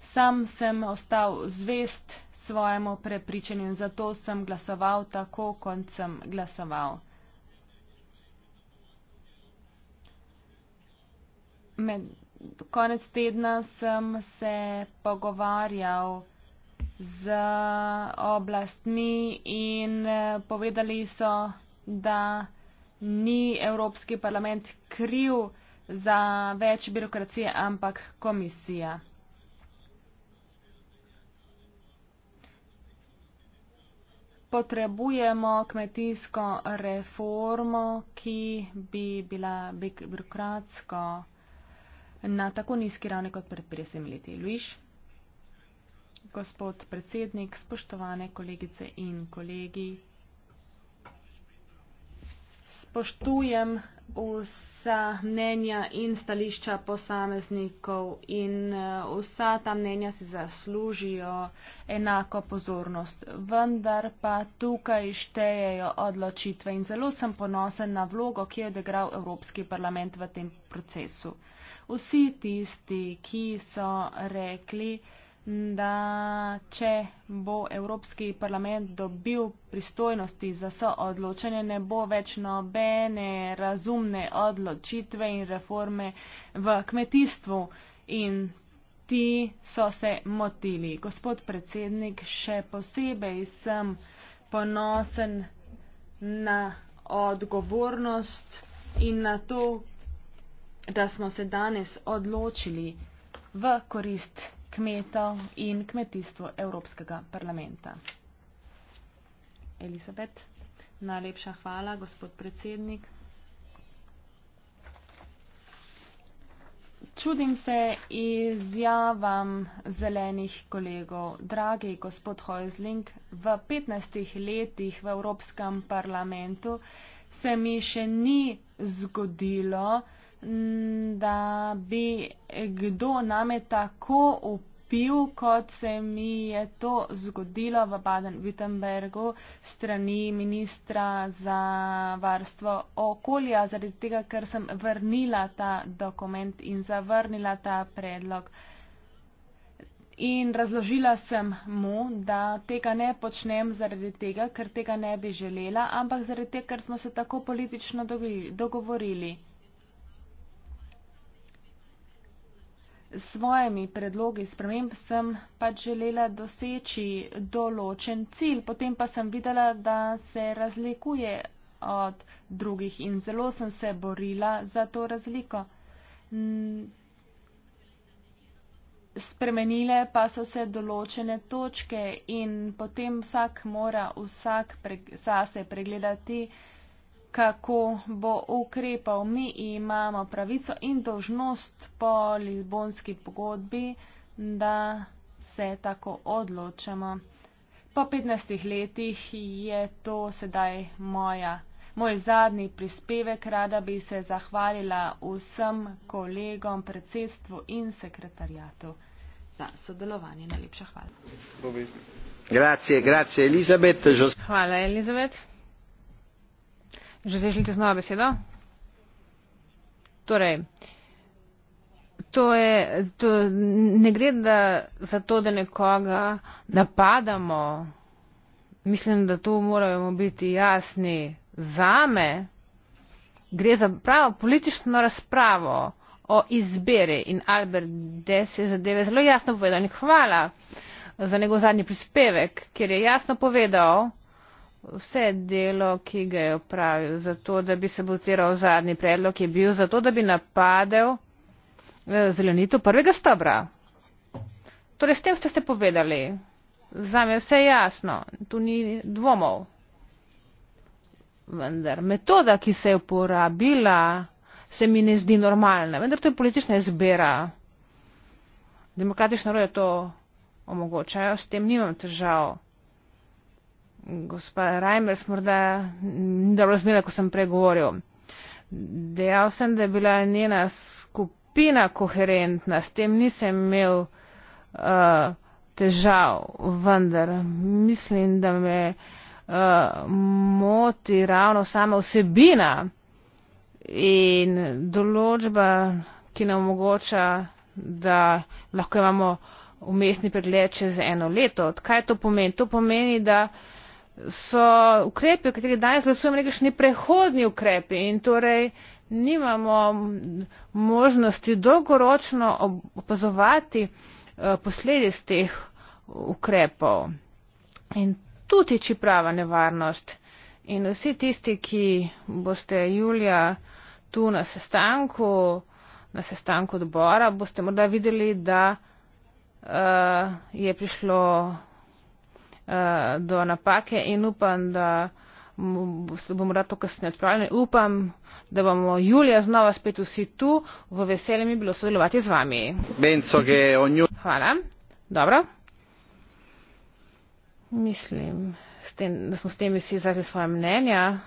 S4: Sam sem ostal zvest svojemu prepričanju in zato sem glasoval tako, kot sem glasoval. Med konec tedna sem se pogovarjal z oblastmi in eh, povedali so, da ni Evropski parlament kriv za več birokracije, ampak komisija. potrebujemo kmetijsko reformo, ki bi bila birokratsko na tako nizki ravni kot pred 50 leti. Luiš, gospod predsednik, spoštovane kolegice in kolegi spoštujem vsa mnenja in stališča posameznikov in eh, vsa ta mnenja si zaslužijo enako pozornost. Vendar pa tukaj štejejo odločitve in zelo sem ponosen na vlogo, ki jo je odigral Evropski parlament v tem procesu. Vsi tisti, ki so rekli, da če bo Evropski parlament dobil pristojnosti za vse odločanje, ne bo več nobene razumne odločitve in reforme v kmetijstvu. In ti so se motili. Gospod predsednik, še posebej sem ponosen na odgovornost in na to, da smo se danes odločili v korist kmetov in kmetijstvo Evropskega parlamenta. Elizabet, najlepša hvala, gospod predsednik. Čudim se izjavam zelenih kolegov. Dragi gospod Hojzling, v 15 letih v Evropskem parlamentu se mi še ni zgodilo, da bi kdo name tako upil, kot se mi je to zgodilo v Baden-Württembergu strani ministra za varstvo okolja, zaradi tega, ker sem vrnila ta dokument in zavrnila ta predlog. In razložila sem mu, da tega ne počnem zaradi tega, ker tega ne bi želela, ampak zaradi tega, ker smo se tako politično dogovorili. S svojimi predlogi sprememb sem pač želela doseči določen cilj, potem pa sem videla, da se razlikuje od drugih in zelo sem se borila za to razliko. Spremenile pa so se določene točke in potem vsak mora vsak pre, sase pregledati, uh, kako bo ukrepal. Mi imamo pravico in dožnost po Lizbonski pogodbi, da se tako odločamo. Po 15 letih je to sedaj moja. Moj zadnji prispevek rada bi se zahvalila vsem kolegom, predsedstvu in sekretarjatu za sodelovanje. Najlepša hvala.
S2: Grazie, grazie Elizabeth.
S5: Hvala Elizabeth. Že želite znova besedo? Torej, to je, to ne gre da za to, da nekoga napadamo. Mislim, da tu moramo biti jasni zame. Gre za pravo politično razpravo o izbiri in Albert Des je zadeve zelo jasno povedal. In hvala za njegov zadnji prispevek, ker je jasno povedal, vse delo, ki ga je opravil za to, da bi se botiral zadnji predlog, je bil za to, da bi napadel eh, zelenito prvega stabra. Torej, s tem ste se povedali. Zam je vse jasno, tu ni dvomov. Vendar metoda, ki se je uporabila, se mi ne zdi normalna. Vendar to je politična izbira. Demokratične roje to omogočajo, s tem nimam težav gospa Reimers, morda ni dobro razumela, ko sem pregovoril. Dejal sem, da je bila njena skupina koherentna, s tem nisem imel uh, težav, vendar mislim, da me uh, moti ravno sama vsebina in določba, ki nam omogoča, da lahko imamo umestni pregled čez eno leto. Kaj to pomeni? To pomeni, da uh, so ukrepi, o katerih danes glasujemo, nekakšni prehodni ukrepi in torej nimamo možnosti dolgoročno opazovati eh, posledic teh ukrepov. In tu tiči prava nevarnost. In vsi tisti, ki boste julija tu na sestanku, na sestanku odbora, boste morda videli, da uh, je prišlo Eh, do napake in upam, da se bomo rato kasneje odpravili. Upam, da bomo julija znova spet vsi tu. V veselje mi je bilo sodelovati z vami.
S2: Benzo, onju...
S5: Hvala. Dobro. Mislim, tem, da smo s tem vsi izrazili svoje mnenja.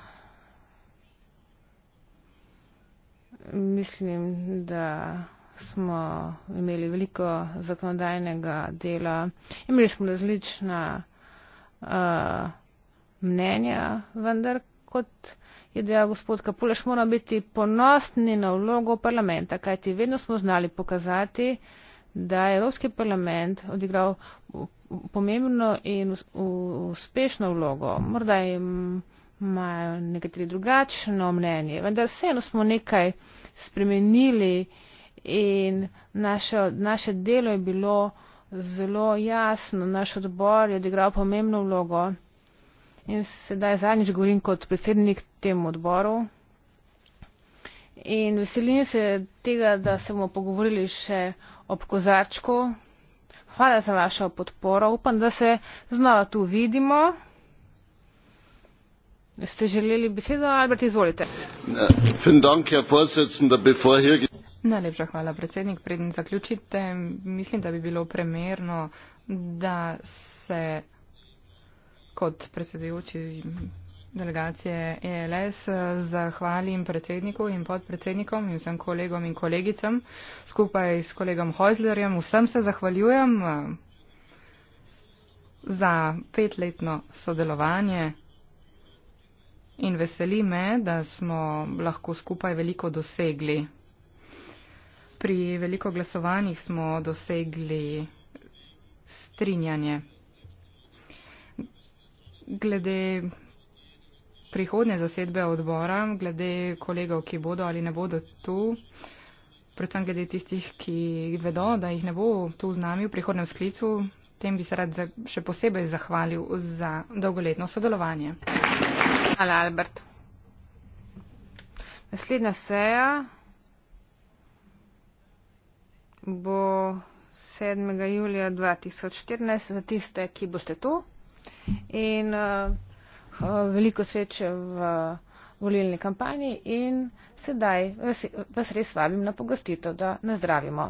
S5: Mislim, da smo imeli veliko zakonodajnega dela. Imeli smo različna. Eh, mnenja, vendar, kot je dejal gospod Kapuleš, moramo biti ponosni na vlogo parlamenta, kajti vedno smo znali pokazati, da je Evropski parlament odigral pomembno in uspešno vlogo. Morda imajo nekateri drugačno mnenje, vendar vseeno smo nekaj spremenili in naše, naše delo je bilo zelo jasno, naš odbor je odigral pomembno vlogo in sedaj zadnjič govorim kot predsednik tem odboru. In veselim se tega, da se bomo pogovorili še ob kozarčku. Hvala za vašo podporo. Upam, da se znova tu vidimo. Ste želeli
S1: besedo, Albert, izvolite. Uh,
S3: vielen Dank, Herr Vorsitzender. Bevor hier...
S1: Najlepša hvala, predsednik. Preden zaključite, mislim, da bi bilo premerno, da se kot predsedujoči delegacije ELS zahvalim predsedniku in podpredsednikom in vsem kolegom in kolegicam. Skupaj s kolegom Hojzlerjem vsem se zahvaljujem za petletno sodelovanje. In veseli me, da smo lahko skupaj veliko dosegli pri veliko glasovanjih smo dosegli strinjanje. Glede prihodne zasedbe odbora, glede kolegov, ki bodo ali ne bodo tu, predvsem glede tistih, ki vedo, da jih ne bo tu z nami v prihodnem sklicu, tem bi se rad še posebej zahvalil za dolgoletno sodelovanje. Hvala, Albert. Naslednja seja
S5: bo 7. julija 2014 za tiste, ki boste tu. In uh, veliko sreče v volilni kampanji in sedaj vas res vabim na pogostitev, da nazdravimo.